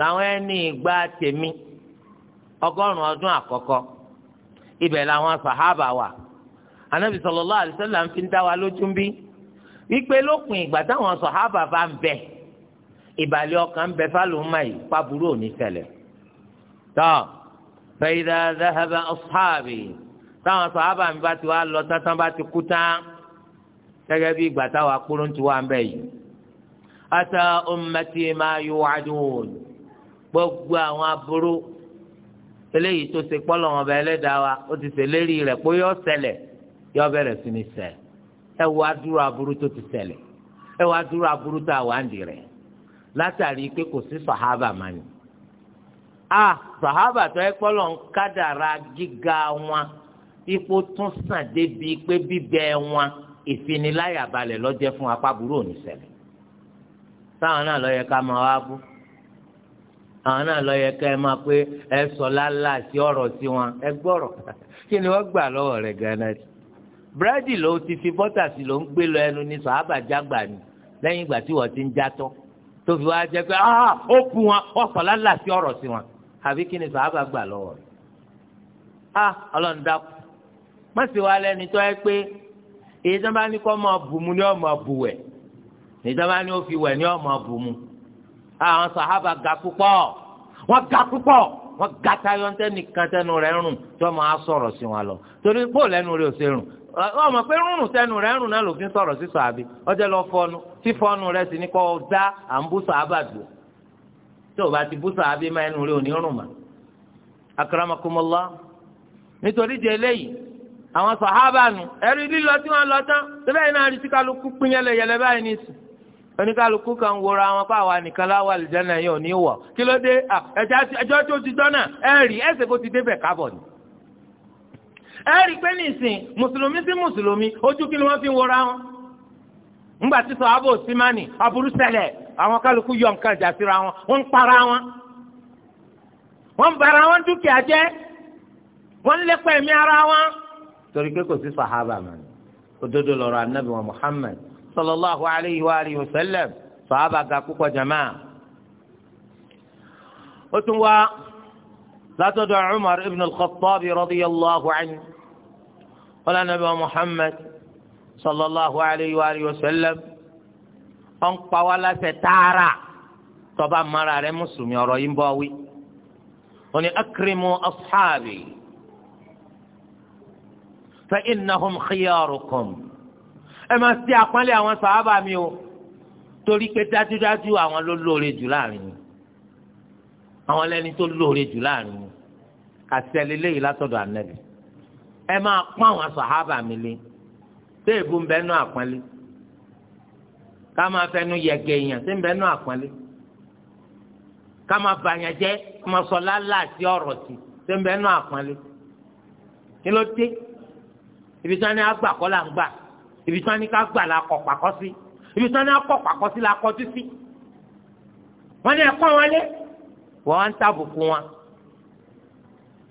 làwọn ẹni ìgbà tèmi ọgọ́rùn-ún ọdún àkọ́kọ́ ibẹ̀ làwọn sọ̀hábà wà anabi sallallahu alaihi ń fi dá wa lójú ń bí wípé lópin ìgbà táwọn sọ̀hábà bá ń bẹ ìbàlẹ̀ ọkàn ń bẹ fálùmọ́ yìí pàbùrù òní tẹ̀lẹ̀ tọ́ fẹ́yìdá dáhàbà ọ̀sáàbì táwọn sọ̀hábà mi bá ti wá lọ tán bá ti kú tán gẹ́gẹ́ bí ìgbà táwọn akpọ́rọ́ntì wà ń bẹ yìí. ata ummati ma yu'adun gbogbo àwọn aburú eléyìí tó ṣe pọ́lọ̀ wọn bẹ ẹlẹ́dàá wa ó ti ṣèlérí rẹ̀ pé yọ ṣẹlẹ̀ yọ bẹ̀rẹ̀ sí ni ṣẹ ẹ wá dúró aburú tó ti ṣẹlẹ̀ ẹ wá dúró aburú tó àwọn àǹdí rẹ̀. látàrí pé kò sí sàhábà máa ní. a sàhábà tó ẹ kpọ́ lọ ń kádàrà gíga wọn ipò tún sàn débi pé bíbẹ wọn ìfiniláyàbalẹ̀ lọ́jẹ́ fún oníṣẹ̀lẹ̀. táwọn náà lọ yẹ ká máa wá bú àwọn náà lọ yẹ ká ẹ máa pé ẹ sọ lálá ọ̀rọ̀ sí wọn ẹ gbọ́rọ̀ kí ni wọ́n gbà lọ́wọ́ rẹ̀ búrẹ́dì ló fi bọ́tà tó fi wá jẹ pé ah, ó kú wọn ọkọ̀ lálà sí ọ̀rọ̀ sí wọn àbí kí ni sàábà gbà lọ́wọ́ rẹ̀ á ah, ọlọ́run dákú má sì wá lẹ́ni tó yẹ pé èyí ní kó máa bù mu ni ó máa bù wẹ̀ èyí ní ó fi wẹ̀ ni ó máa bù mu ah, àwọn sàábà ga púpọ̀ wọ́n ga púpọ̀ wọ́n ga tayọ̀ ntẹ́nìkan tẹnu rẹ̀ rùn tó máa sọ̀rọ̀ sí wọn lọ torí bó lẹ́nu rẹ̀ ò ṣe rùn ọmọ pé rúnrún sẹ́nu rẹ̀ rún náà lòfin sọ̀rọ̀ sí sàbí ọjọ́ lọ fọnu tí fọnu rẹ̀ sì ní kọ́ dá à ń bú sàábà gbò tí ò bá ti bú sàábí má ẹnu rẹ̀ ò ní rùn mà. akaramakumọlá nítorí di eléyìí àwọn sàhábà nù ẹ̀rí lílọ tí wọ́n lọ tán síbẹ̀ yìí náà rí sí kálukú pín yẹlẹyẹlẹ báyìí ní sùn oníkálukú kan wòra àwọn pa àwa nìkan láwa àlìjáná yìí ò ní wọ̀ kí ló dé ẹjọ́ tó ti dọ́nà ẹ̀rí ẹ̀sẹ̀ kó ti débẹ̀ kábọ̀ ni ẹ rí i pé nísìn mùsùlùmí sí mùsùlùmí ojú kí ni wọ́n fi ń wọra wọn. ńgbà tí sọ̀hábò símánì aburú ṣẹlẹ̀ àwọn kálukú yọ nǹkan ìjà síra wọn wọ́n ń para wọn. wọ́n bara wọn dúkìá jẹ́ wọ́n ń lépa ẹ̀mí ara wọn. torí pé kò sí sọ̀hábà mọ́ òdodo lọ́rọ̀ anábì wa Muhammad sallallahu alayhi wa alihi wa sallam sọ̀hábà ga púpọ̀ jama. ó tún wá látọ̀dọ̀ Umar ibn al-Khattab radiyallahu anhu wala nabi Muhammad sallallahu alayhi wa alihi wa sallam ọ̀n kpawo aláṣẹ tààrà tọba mara rẹ mùsùlùmí ọ̀rọ̀ yìí ń bọ̀ wí. wọ́n ní akrimu asxaabi fa innahum khiyarukum ẹ máa ṣe àpọ́nlé àwọn sàábà mi o torí pé dájúdájú àwọn ló lóore jù láàrin àwọn lẹ́ni tó lóore jù láàrin àtẹlélẹ́ yìí látọ̀dọ̀ ànẹ́bì ẹ máa pọ́n àwọn sàhábà mi lé tó èbú ń bẹ́ẹ̀ nú àpọ́nlé ká máa fẹnu yẹ̀gẹ̀ èèyàn tó ń bẹ́ẹ̀ nú àpọ́nlé ká máa bàyàn jẹ́ máa àti ọ̀rọ̀ sí tó ń bẹ́ẹ̀ nú kí ló dé ibi tí wọ́n ní agbà kọ́ là ń gbà ibi tí wọ́n ní ká gbà la kọ̀ pàkọ́ sí ibi tí wọ́n ní akọ̀ pàkọ́ sí la kọjú sí wọ́n ní ẹ̀kọ́ wọn lé wọ́n á ń tàbùkù wọn.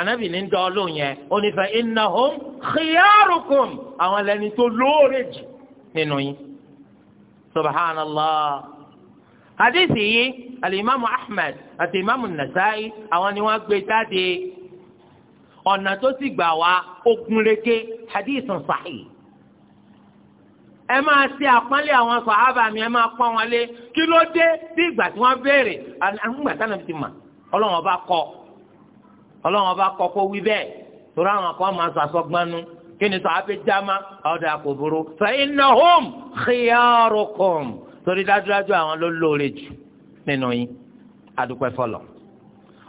anabi ní dọ́ lóun yẹn ó ní fa innahum khiyarukum àwọn lẹni tó lóore jù nínú yín subhanallah hadisi yìí alimami ahmed àti imami nasai àwọn ni wọ́n gbé jáde ọ̀nà tó sì gbà wá okunleke hadithun sahih ẹ máa ṣe àpọ́nlé àwọn sàhábà mi ẹ máa pọ́n wọn lé kí ló dé bí ìgbà tí wọ́n béèrè àwọn ìgbà tí wọ́n ti mà ọlọ́wọ́n bá kọ́ ọ ọlọ́run ọba kọ́ kó wí bẹ́ẹ̀ torí àwọn kan máa sàsọgbánú kí ni sàábé jáma ọ̀dà kò burú fa innahum khiyarukum torí dájúdájú àwọn ló lóore jù nínú yín adúpẹ́ fọlọ́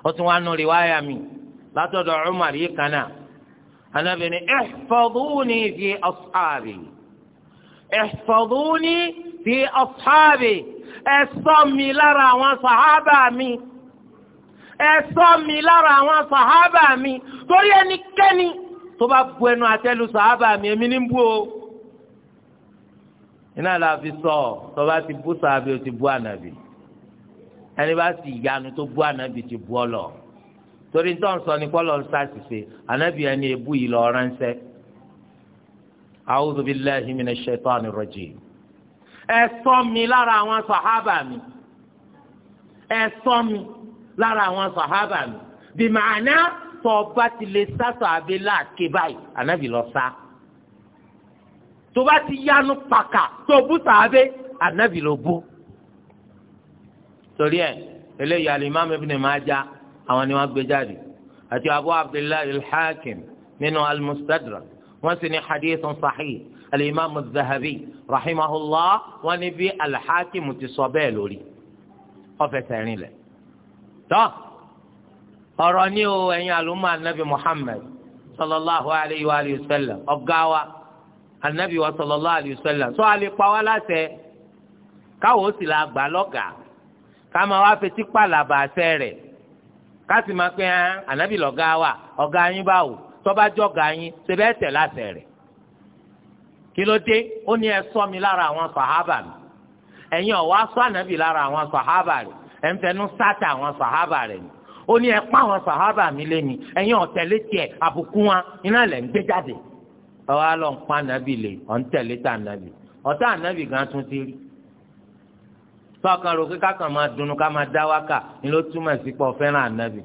ó tún wá nù rìwáyà mi látọ̀dọ̀ Umar yìí kan náà anabi ni fi ashabi ihfaduni fi ashabi ẹ mi lára àwọn sàhábà mi ẹ ṣọ́ mi lára àwọn sàhábà mi torí ẹnikẹ́ni tó bá bu ẹnu àtẹ́lu sàhábà mi èmi ní bú o. iná la fi sọ tó bá ti bú sàhábà o ti bú ànàbì ẹni bá sì yanu tó bú ànàbì ti bú ọ lọ torí tó ń sọ ní kọ́ lọ́ọ́ sàṣìṣe ànàbì ẹni èbú yìí lọ́ọ́ ránṣẹ́. a'udhu billahi minash shaitani rajim ẹ ṣọ́ mi lára àwọn sàhábà mi ẹ mi lára àwọn sàhábà mi bí màánà tó bá ti lè sásọ àbí láàké báyìí ànábì lọ sá tó bá ti yánu pàkà tó bú sàábé ànábì ló bú torí ẹ eléyìí alimami ibn Majah àwọn ni wọn gbé jáde àti abu abdullahi al-hakim nínú al-mustadrak sì ní hadithun sahih alimami zahabi rahimahullah wọn ni bí al ti sọ bẹ́ẹ̀ lórí ọfẹsẹ rin lẹ tọ́ ọ̀rọ̀ ni o ẹ̀yin àlùmọ́ anabi muhammed sallallahu alayhi wa sallam ọ̀gá wa anabi wa sallallahu alayhi wa sallam sọ alẹ́ pa láṣẹ káwọ́ sì la gbà lọ́gàá fetí anabi lọ́gá wa ọ̀gá yín báwo tọ́ba jọ̀gá yín ṣe tẹ̀ láṣẹ rẹ̀ kí ló dé ó sọ mi lára àwọn sọ anabi lára àwọn rẹ̀ ẹ̀ ń fẹnu sáta àwọn sàhábà rẹ̀ ni ó ní ẹ pa àwọn sàhábà mi lé ni ẹ̀yin ọ̀tẹ̀lé tiẹ̀ àbùkù wọn iná lẹ̀ ń gbé jáde ọwọ́ àlọ́ ń pa nàbì lè ọ̀ ń tẹ̀lé tà nàbì ọ̀tá ànábì gan tún ti rí tọkàn rò kí kákan máa dunu ká máa dá wákà ni ló túmọ̀ sí pọ̀ fẹ́ràn ànábì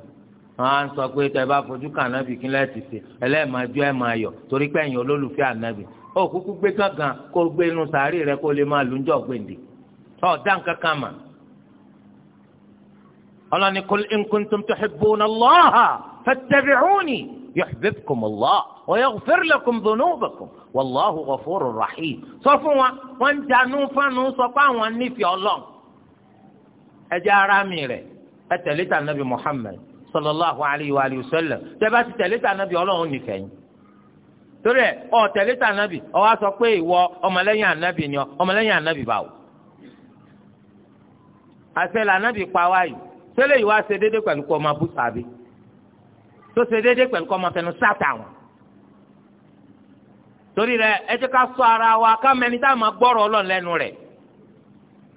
wọn á sọ pé tẹ bá fojú kan ànábì kí lẹ́ẹ̀ ti ṣe ẹlẹ́ẹ̀májú ẹ̀ máa yọ̀ torí pé ẹ̀yin olólùfẹ́ ànábì ó gbé kankan kó gbé inú sàárì rẹ kó lè máa lùjọ́ ọlọ́ni kul in kuntum tuhibbuna Allah fattabi'uni yuhbibkum Allah wa yaghfir lakum dhunubakum wallahu ghafurur rahim. sọ fún wa wọ́n ń janú fánú sọ pé àwọn nífẹ̀ẹ́ ọlọ́run ẹ jẹ́ ara mi rẹ̀ ẹ tẹ̀lé tà nàbì Muhammad sallallahu alayhi wa alihi wa sallam tẹ́ bá ti tẹ̀lé tà nàbì ọlọ́run nífẹ̀ẹ́ yín torí ẹ ọ tẹ̀lé tà nàbì ọ wá sọ pé ìwọ ọmọlẹ́yìn ànábì ni ọ tẹ́lẹ̀ yìí wá ṣe déédéé pẹ̀lú kọ́ ọmọ abúlé àbí tó ṣe déédéé pẹ̀lú kọ́ ọmọ fẹnu sáàtà wọn. torí rẹ ẹ ká sọ ara wa ká mẹni tá a máa gbọ́rọ̀ ọlọ́run lẹ́nu rẹ̀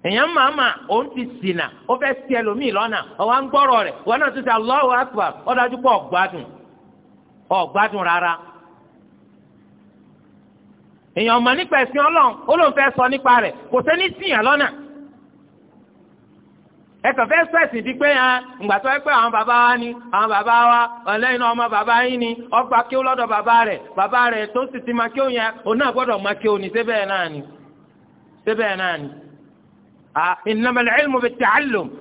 èèyàn màmá òun ti ṣìnà ó fẹ́ ṣì ẹlòmíì lọ́nà ọ̀wá ń gbọ́rọ̀ rẹ̀ wọn náà ọ̀dájú pọ̀ ẹ kàn fẹ́ sẹ́sì di pé hàn ǹgbà tó ẹ pé àwọn bàbá wa ni àwọn bàbá wa ọ̀lẹ́yìn náà ọmọ bàbá yín ni ọgbà kí ó lọ́dọ̀ bàbá rẹ̀ bàbá rẹ̀ tó sì ti máa kí ó yẹn òun náà gbọ́dọ̀ máa kí ó ní síbẹ̀ náà ni síbẹ̀ náà ni.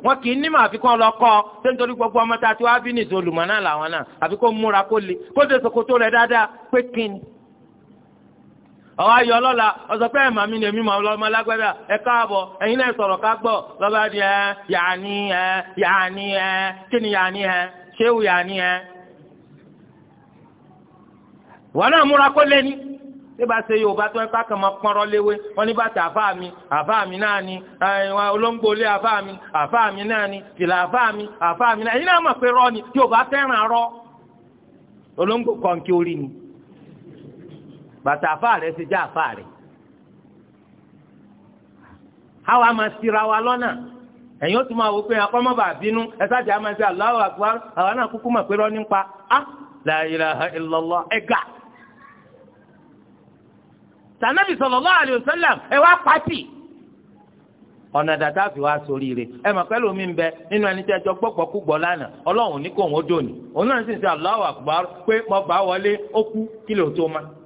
wọn kì í ní fi kọ́ lọ kọ́ ń torí gbogbo ọmọ tá a ti wá bí nìṣó olùmọ̀ náà làwọn náà àfi kó múra kó le kó ọwọ́ ayọ̀ lọ́la ọ̀sọ̀ pé ẹ̀mà mi lèmi mọ̀ ọlọ́mọ lágbẹ́dà ẹ káàbọ̀ ẹ̀yin náà sọ̀rọ̀ ká gbọ́ lọ́ba di ẹ yaani ẹ yaani ẹ kí yaani ẹ ṣéwù yaani ẹ. wọn náà múra kó lé ní tí bá ṣe tó máa léwé wọn ní bàtà mi mi náà ni olóńgbò lé mi mi ni mi mi náà ẹ̀yin náà mọ̀ pé ni. bàtà àfa rẹ ti já àwa máa sira wa lọ́nà ẹ̀yin ó tún máa wò pé abinu bínú ẹ sáà jẹ́ àmọ́ ẹ̀sẹ̀ Allahu Akbar àwa náà kúkú mà pé nípa á la ilaha ẹ̀gà sànàbì sallallahu wa sallam ẹ wá pàtì ọ̀nà dàda fi wá sórí rẹ̀ ẹ mọ̀ ń bẹ nínú ẹni tí ẹ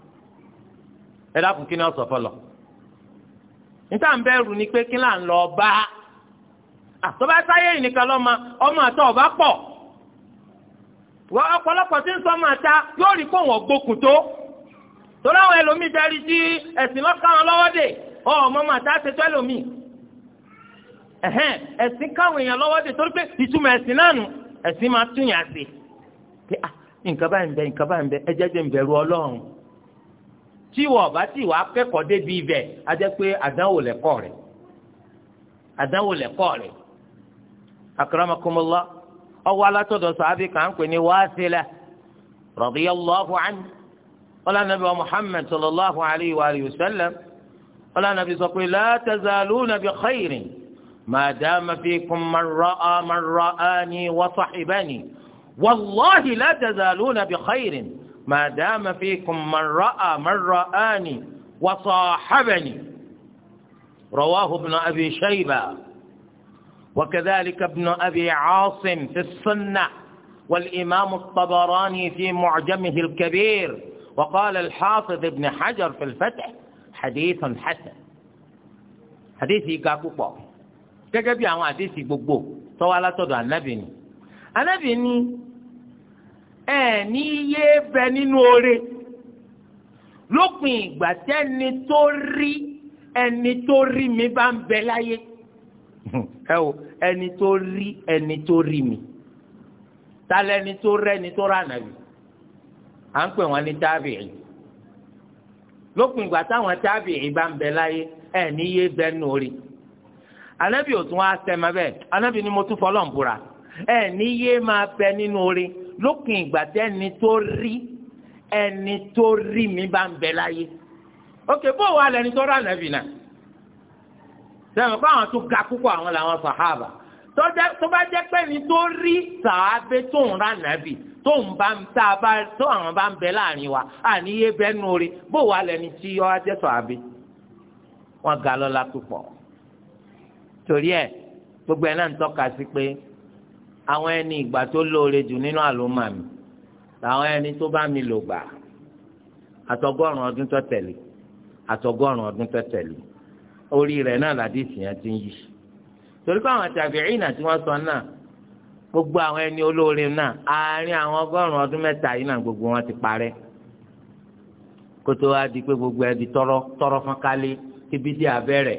ẹ dákun kí ni ọ̀sọ̀ níta ń ni pé kí là ń lọ bá àtọ́bá sáyé ìnìkan lọ́mọ ọmọ àtọ́ ọ̀bá pọ̀ wọ́n ọ̀pọ̀lọpọ̀ tí ń sọ ọmọ àta yóò rí pé wọ́n gbókùn tó torí àwọn ẹlòmíì darí sí ẹ̀sìn lọ́kàn lọ́wọ́ dè ọmọ ọmọ àta ṣe tó ẹlòmíì ẹ̀hẹ́n ẹ̀sìn káwọn èèyàn lọ́wọ́ dè torí pé ìtumọ̀ ẹ̀sìn náà nù ẹ̀sìn máa túnyàn sí ah, nǹkan báyìí ń bẹ nǹkan báyìí ń bẹ jẹ́ ń bẹ̀rù ọlọ́run tí wọ́n bá tí wàá kẹ́kọ̀ọ́ débi ibẹ̀ á jẹ́ pé àdánwò lẹ́kọ̀ọ́ rẹ̀ àdánwò lẹ́kọ̀ọ́ rẹ̀ akramakumullah ọwọ́ alátọ̀dọ̀ sàábì kan pè ní Wasila radiyallahu anhu ọlànàbí wa Muhammad sallallahu alayhi wa sallam ọlànàbí sọ pé la tazaluna bi khairin ma dama fikum man ra'a man ra'ani wa sahibani wallahi la ما دام فيكم من رأى من رآني وصاحبني رواه ابن أبي شيبة وكذلك ابن أبي عاصم في السنة والإمام الطبراني في معجمه الكبير وقال الحافظ ابن حجر في الفتح حديث حسن حديث يقاكوكو كجبي عن حديث بقبو سوالا تدعى النبي النبي ẹ ní yé bẹ nínú oore lópin ìgbà tẹni tó rí ẹni tó rí mi bá ń bẹ láyé ẹ o ẹni tó rí ẹni tó rí mi ta lẹni tó rẹ ẹni tó rà nàbì à ń pè wọn ní tábìrì lópin ìgbà táwọn tábìrì bá ń bẹ láyé ẹ ní yé bẹ nínú oore anabi ò tún wá sẹ ma bẹ anabi ni mo tún fọlọ́ ń bura yé máa bẹ nínú oore lópin ìgbà tí ẹni tó rí ẹni tó rí mi bá ń bẹ láyé òkè bó wà lẹni tó rà nàbì náà sẹ́wọ̀n kó àwọn tó ga púpọ̀ àwọn làwọn sàhábà tó bá jẹ́ pé ẹni tó rí sàábé tó ń rà nàbì tó ń bá ń tá a bá tó àwọn bá ń bẹ láàrin wa àníyé bẹ́ẹ̀ nù rí bó wà lẹni tí ọ á jẹ́ sàábé wọ́n ga lọ́la púpọ̀ torí ẹ̀ gbogbo ẹ̀ náà ń tọ́ka sí pé àwọn ẹni ìgbà tó lóore jù nínú àlùmọ́ mi làwọn ẹni tó bá mi lò gbà àtọgọ́rùn ọdún tó tẹ̀lé àtọgọ́rùn ọdún tó tẹ̀lé orí rẹ̀ náà làdísì yẹn ti ń yí torí pé àwọn tàbíìn àti wọn sọ náà gbogbo àwọn ẹni olóore náà àárín àwọn ọgọ́rùn ọdún mẹ́ta yìí náà gbogbo wọn ti parẹ́ kótó wá di pé gbogbo ẹ di tọrọ tọrọ fọ́nkálé kíbi dí abẹ́rẹ́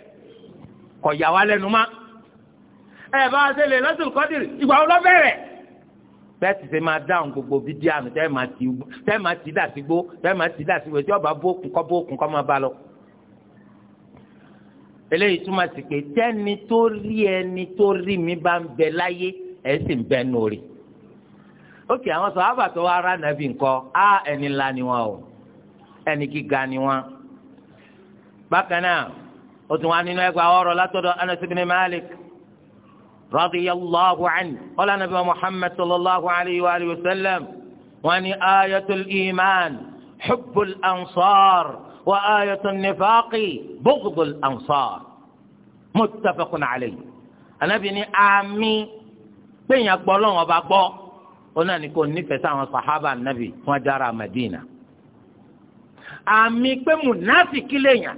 kò yà wá lẹ́nu má ẹ bá a ṣe lè lọ́sùn kọ́dìrì ìgbà wo lọ bẹ̀rẹ̀ bẹ́ẹ̀ ti ṣe máa dáhùn gbogbo fídíò àmì tẹ́ ẹ máa ti dà sí gbó tẹ́ ẹ máa ti dà sí wẹ̀ tí ọba bókun kọ́ bókun kọ́ máa bá lọ. eléyìí túmọ̀ sí pé tẹ́ni tó rí ẹni tó rí mi bá ń bẹ láyé ẹ̀ sì ń bẹ nù ókè àwọn sọ àbàtọ̀ ara nàbì nǹkan á ẹni ńlá ni wọn o ẹni gíga ni wọn. bákan náà ó tún wá nínú ẹgbàá ọ̀rọ̀ látọ̀dọ̀ Anas ibn Malik radiyallahu anhu ọlá nàbí wa Muhammad sallallahu alayhi wa sallam wọn ni ayatul iman hubbul ansar wa ayatul nifaqi bughdul ansar muttafaqun alayhi anabi ni àmì gbẹ̀yìn agbọ́ lọ́wọ́ bá gbọ́ ó náà ní kò nífẹ̀ẹ́ sáwọn sàhábà nàbì fún ajára Madina àmì pé mùnáfìkì lèèyàn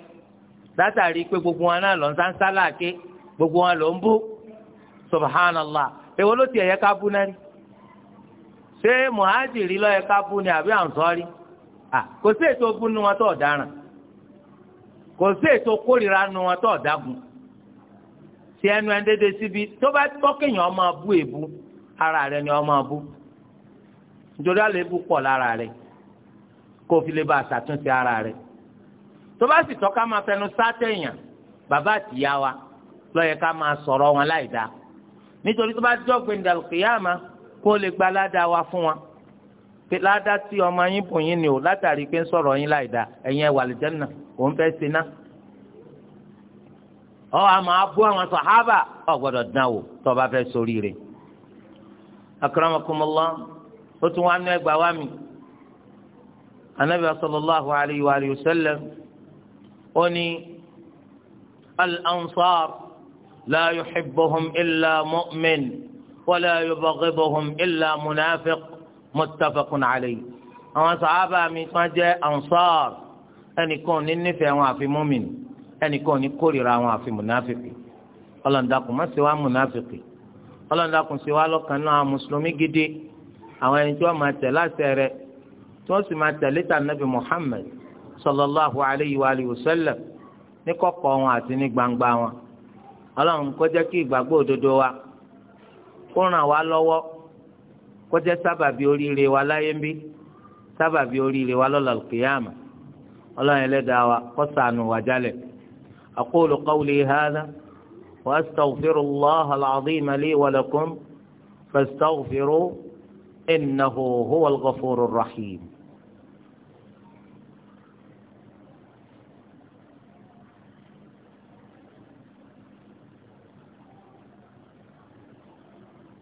látàrí pé gbogbo wọn náà lọ ń gbogbo wọn lọ ń bú subhanallah èwo ló tiẹ̀ yẹ ká bú náà rí ṣé muhajiri ló ká bú ni àbí ànsọ́rí kò sí ètò bú nu wọn tó ọ̀daràn kò sí ètò kórìíra nu wọn tó ọ̀dágun tí ẹnu ẹ síbi tó bá ọmọ bú èbú ara rẹ ni ọmọ bú nítorí pọ̀ lára rẹ kó tó bá sì tọ́ka máa fẹnu sátẹ̀yàn bàbá àtìyá wa lọ́yẹ ká máa sọ̀rọ̀ wọn láì dáa nítorí tó bá dọ́gbìn dàlùkìyàmá kó lè gba ládàá wa fún wa ládàá tí ọmọ yín bùn yín ni o látàrí pé ń sọ̀rọ̀ yín láì dáa ẹ̀yin ẹ̀ wà lìjẹ́nà òun fẹ́ ṣe ná. ọ àmọ́ abú àwọn sàhábà ọ gbọ́dọ̀ dán o tó bá fẹ́ sórí rẹ̀. akramakumullah ó tún wá ní ẹgbàá wa mi anabi sallallahu alayhi wa sallam ó ní al-ansar la yuhibbuhum illa mu'min wala yubghiduhum illa munafiq muttafaqun alayhi àwọn sàhábà mi kan jẹ́ ansar ẹnìkan ní nífẹ̀ẹ́ wọn àfi mọ́mìn ẹnìkan ní kórìíra wọn àfi mùnáfìkì ọlọ́ndàkùn má ṣe wá mùnáfìkì ọlọ́ndàkùn ṣe wá lọ́kàn náà mùsùlùmí gidi àwọn ẹni tí wọ́n máa tẹ̀ láṣẹ rẹ̀ tí wọ́n sì máa tẹ̀lé tà nàbì Muhammad sallallahu alayhi wa alihi wa sallam ní kọ̀kọ̀ wọn àti ní gbangba wọn ọlọ́run kó jẹ́ kí ìgbàgbọ́ òdodo wa kó ràn wá lọ́wọ́ kó jẹ́ sábàbí oríire wa láyé ń bí sábàbí oríire wa lọ́la kìyàmà ọlọ́run ẹlẹ́dàá wa kó ṣàánú wa jálẹ̀ aqulu qawli hadha wa astaghfirullaha al-azim li wa lakum fastaghfiru innahu rahim.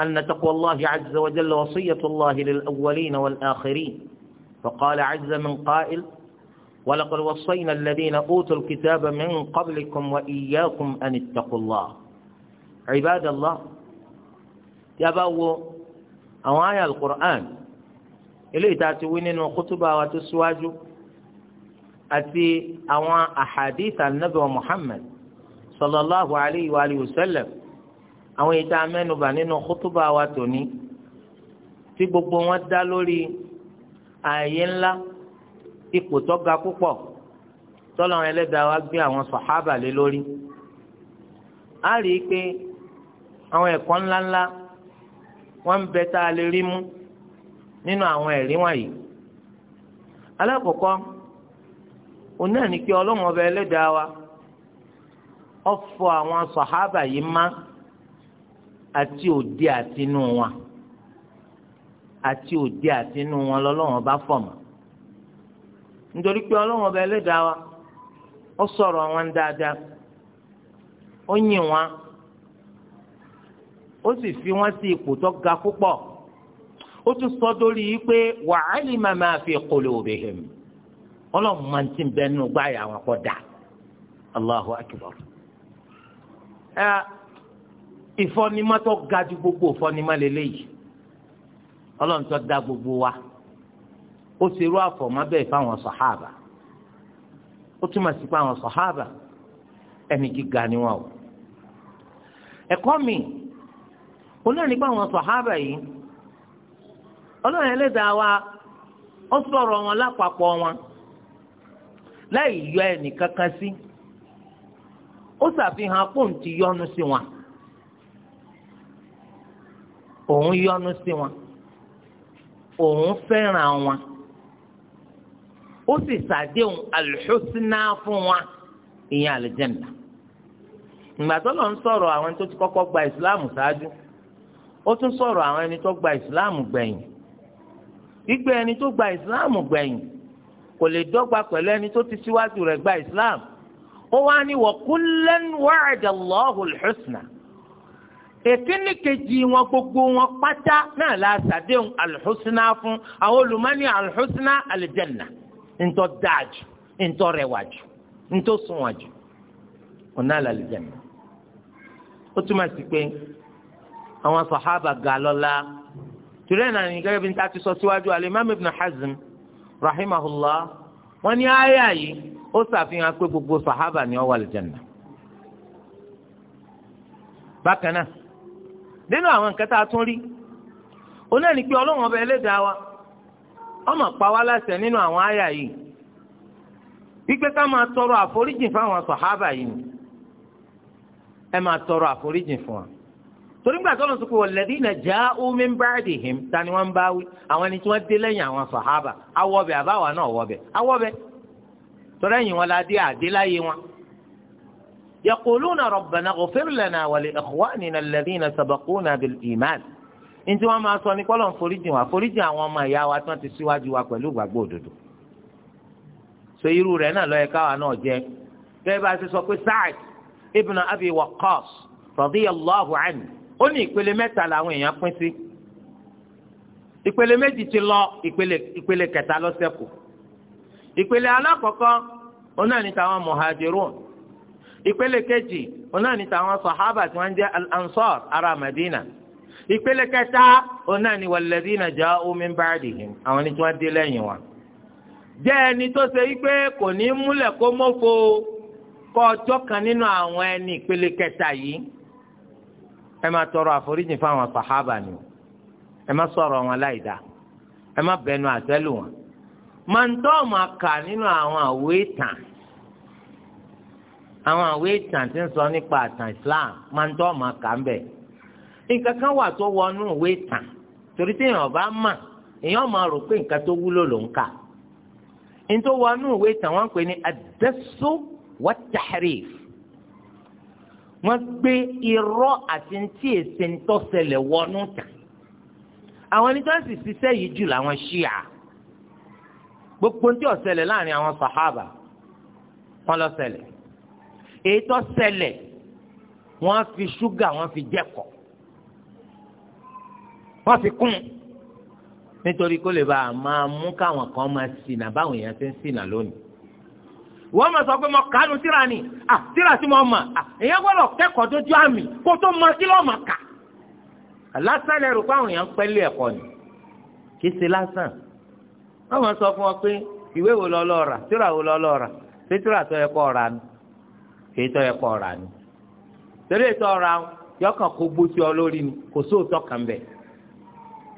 أن تقوى الله عز وجل وصية الله للأولين والآخرين فقال عز من قائل ولقد وصينا الذين أوتوا الكتاب من قبلكم وإياكم أن اتقوا الله عباد الله يبوا أوايا القرآن إليه tá a ti أتي nínú أحاديث النبي محمد صلى الله عليه وآله وسلم àwọn ètò amẹ́nubà nínú kútúbà wa tòní tí gbogbo wọn dá lórí ààyè ńlá ipò tó ga púpọ̀ tọ́lọ́run ẹlẹ́dàá wa gbé àwọn sàhábà lé lórí. a rí i pé àwọn ẹ̀kọ́ ńláńlá wọ́n ń bẹ tá a lè rí mú nínú àwọn ẹ̀rí wọ̀nyí. alákọ̀ọ́kọ́ òun náà ní kí ọlọ́run ọba ẹlẹ́dàá wa ó àwọn sàhábà yìí máa àti òde àtinú wọn àti òde àtinú wọn lọ́lọ́wọ́n bá fọ̀mọ́ nítorí pé ọlọ́wọ́n bá ẹlẹ́dàá wa ó sọ̀rọ̀ wọn dáadáa ó yìn wọn ó sì fi wọn sí ipò tó ga púpọ̀ ó tún sọ dórí yìí pé wa alima ma fi qulubihim ọlọ́run máa ń tì bẹ́ẹ̀ gbáyà wọn kọ́ da Allahu ìfọ́nimá tó ga ju gbogbo ìfọ́nimá lélẹ́yìí ọlọ́run tó da gbogbo wa ó ṣe irú àfọ̀mọ́ bẹ́ẹ̀ fáwọn sàhábà ó túmọ̀ sí fáwọn sàhábà ẹni gíga ni wọn o ẹ̀kọ́ mi onáà nípa àwọn yìí ọlọ́run ẹlẹ́dàá wa ó sọ̀rọ̀ wọn lápapọ̀ wọn láì yọ ẹnì kankan sí ó pòǹtì yọnu sí wọn. Si òun yọ́nú sí wọn òun fẹ́ràn wọn ó sì ṣàdéhùn alùsùnà fún wọn ìyẹn àlùjẹ́nà ìgbà tó lọ ń sọ̀rọ̀ àwọn tó ti kọ́kọ́ gba ìsìláàmù ṣáájú ó tún sọ̀rọ̀ àwọn ẹni tó gba ìsìláàmù gbẹ̀yìn gbígbé ẹni tó gba ìsìláàmù gbẹ̀yìn kò lè dọ́gba pẹ̀lú ẹni tó ti síwájú rẹ̀ gba ìsìláàmù ó wá ní wa kullan wa'ada Ekini keji wọn gbogbo wọn pátá náà la sàdéhùn alùhùsínà fún àwọn olùmọ́ni alùhùsínà àlìjẹ̀nà ntọ́ dáàjù ntọ́ rẹwàjù ntọ́ sunwàjù ọ̀nà àlìjẹ̀nà. ó túmọ̀ sí pé àwọn sàhábà ga lọ́la tùrẹ́ náà ní gẹ́gẹ́ bí n ta ti sọ síwájú alimami ibn hazim rahimahullah wọ́n ní ó pé gbogbo sàhábà ni ó wà bákan nínú àwọn nǹkan tá a tún rí òun pé ọlọ́run ọba ẹlẹ́dàá wa ọmọ pa wá láṣẹ nínú àwọn àyà yìí wípé ká máa tọrọ àforíjì fáwọn sọ̀hábà yìí ẹ máa tọrọ àforíjì fún wa torí gbà tó sọ pé walladhina ja'u ta ni wọ́n ń bá wí àwọn ẹni tí wọ́n dé lẹ́yìn àwọn sọ̀hábà awọ́bẹ̀ àbáwa náà wọ́bẹ̀ awọ́bẹ̀ tọ́lẹ́yìn wọn la dé àdéláyé wọn yaquluna rabbana ighfir lana wa li ikhwanina alladhina sabaquna bil iman ntí wọn máa sọ ní kọlọ́n foríjì wa foríjì àwọn ọmọ ìyá wa tán ti síwájú wa pẹ̀lú ìgbàgbọ́ òdodo so irú rẹ̀ náà lọ́yẹ káwa náà jẹ́ gẹ́gẹ́ bá a ti sọ pé Sa'd ibn Abi Waqqas radiyallahu anhu ó ní ìpele mẹ́ta làwọn èèyàn pín sí ìpele méjì ti lọ ìpele ìpele kẹta ló ṣẹ́kù ìpele alákọ̀ọ́kọ́ ó náà ní tàwọn muhajirun ìpele kejì ọ̀nà ni tàwọn sàhábà tí wọ́n jẹ́ al-ansar Madina ìpele kẹta ọ̀nà ni walladhina ja'u min ba'dihim àwọn ni tí wọ́n dé lẹ́yìn wa. jẹ́ ẹni tó ṣe wípé kò ní múlẹ̀ kó mọ́fo kọ́ ọjọ́ kan nínú àwọn ẹni ìpele kẹta yìí ẹ máa tọrọ àforíjì fáwọn sàhábà ni ẹ má sọ̀rọ̀ wọn láì dáa ẹ má bẹnu àtẹ́lù wọn. màá ń tọ́ ọ̀mà kà nínú àwọn àwòrán àwọn àwé ìtàn tí ń sọ nípa àtàn Islam máa ń tọ́ ọmọ kà ń bẹ̀. nǹkan kan wà tó wọnú ìwé ìtàn torí téèyàn bá mà èèyàn máa rò pé nǹkan tó wúlò ló ń kà. nítorí wọnú ìwé ìtàn wọn pè ní ad-dassu wat-tahrif. wọ́n gbé irọ́ àti ntí èsè ń tọ́sẹ̀lẹ̀ wọnú tàn. àwọn ẹni tó ń sì ṣiṣẹ́ yìí jù làwọn ṣíà gbogbo ntí ó ṣẹlẹ̀ láàrin àwọn sàhábà wọ́n ló ṣẹlẹ̀ èyí tó ṣẹlẹ̀ wọ́n fi ṣúgà wọ́n fi jẹ́kọ̀ wọ́n fi kún nítorí kó lè bá a máa mú káwọn kan máa ṣìnà báwọn èèyàn ṣe ń ṣìnà lónìí wọ́n mọ̀ sọ pé mo kàánu tíra ni à tíra tí mo mọ̀ à èèyàn gbọ́dọ̀ kẹ́kọ̀ọ́ dójú àmì kó tó mọ kí lọ́ọ̀ mọ̀ kà lásán lẹ́rù pé àwọn èèyàn ń pẹ́lú ni kì í ṣe lásán wọ́n mọ̀ sọ fún wọn pé ìwé wo lọ́ọ́ lọ́ọ́ rà tíra wo lọ́ọ́ lọ́ọ́ rà pé tó yẹ rà ni èyí tó yẹ kó ọ̀rà ni torí ètò ọ̀rà yọkàn kó gbósí ọ lórí ni kò sóòótọ́ kan bẹ̀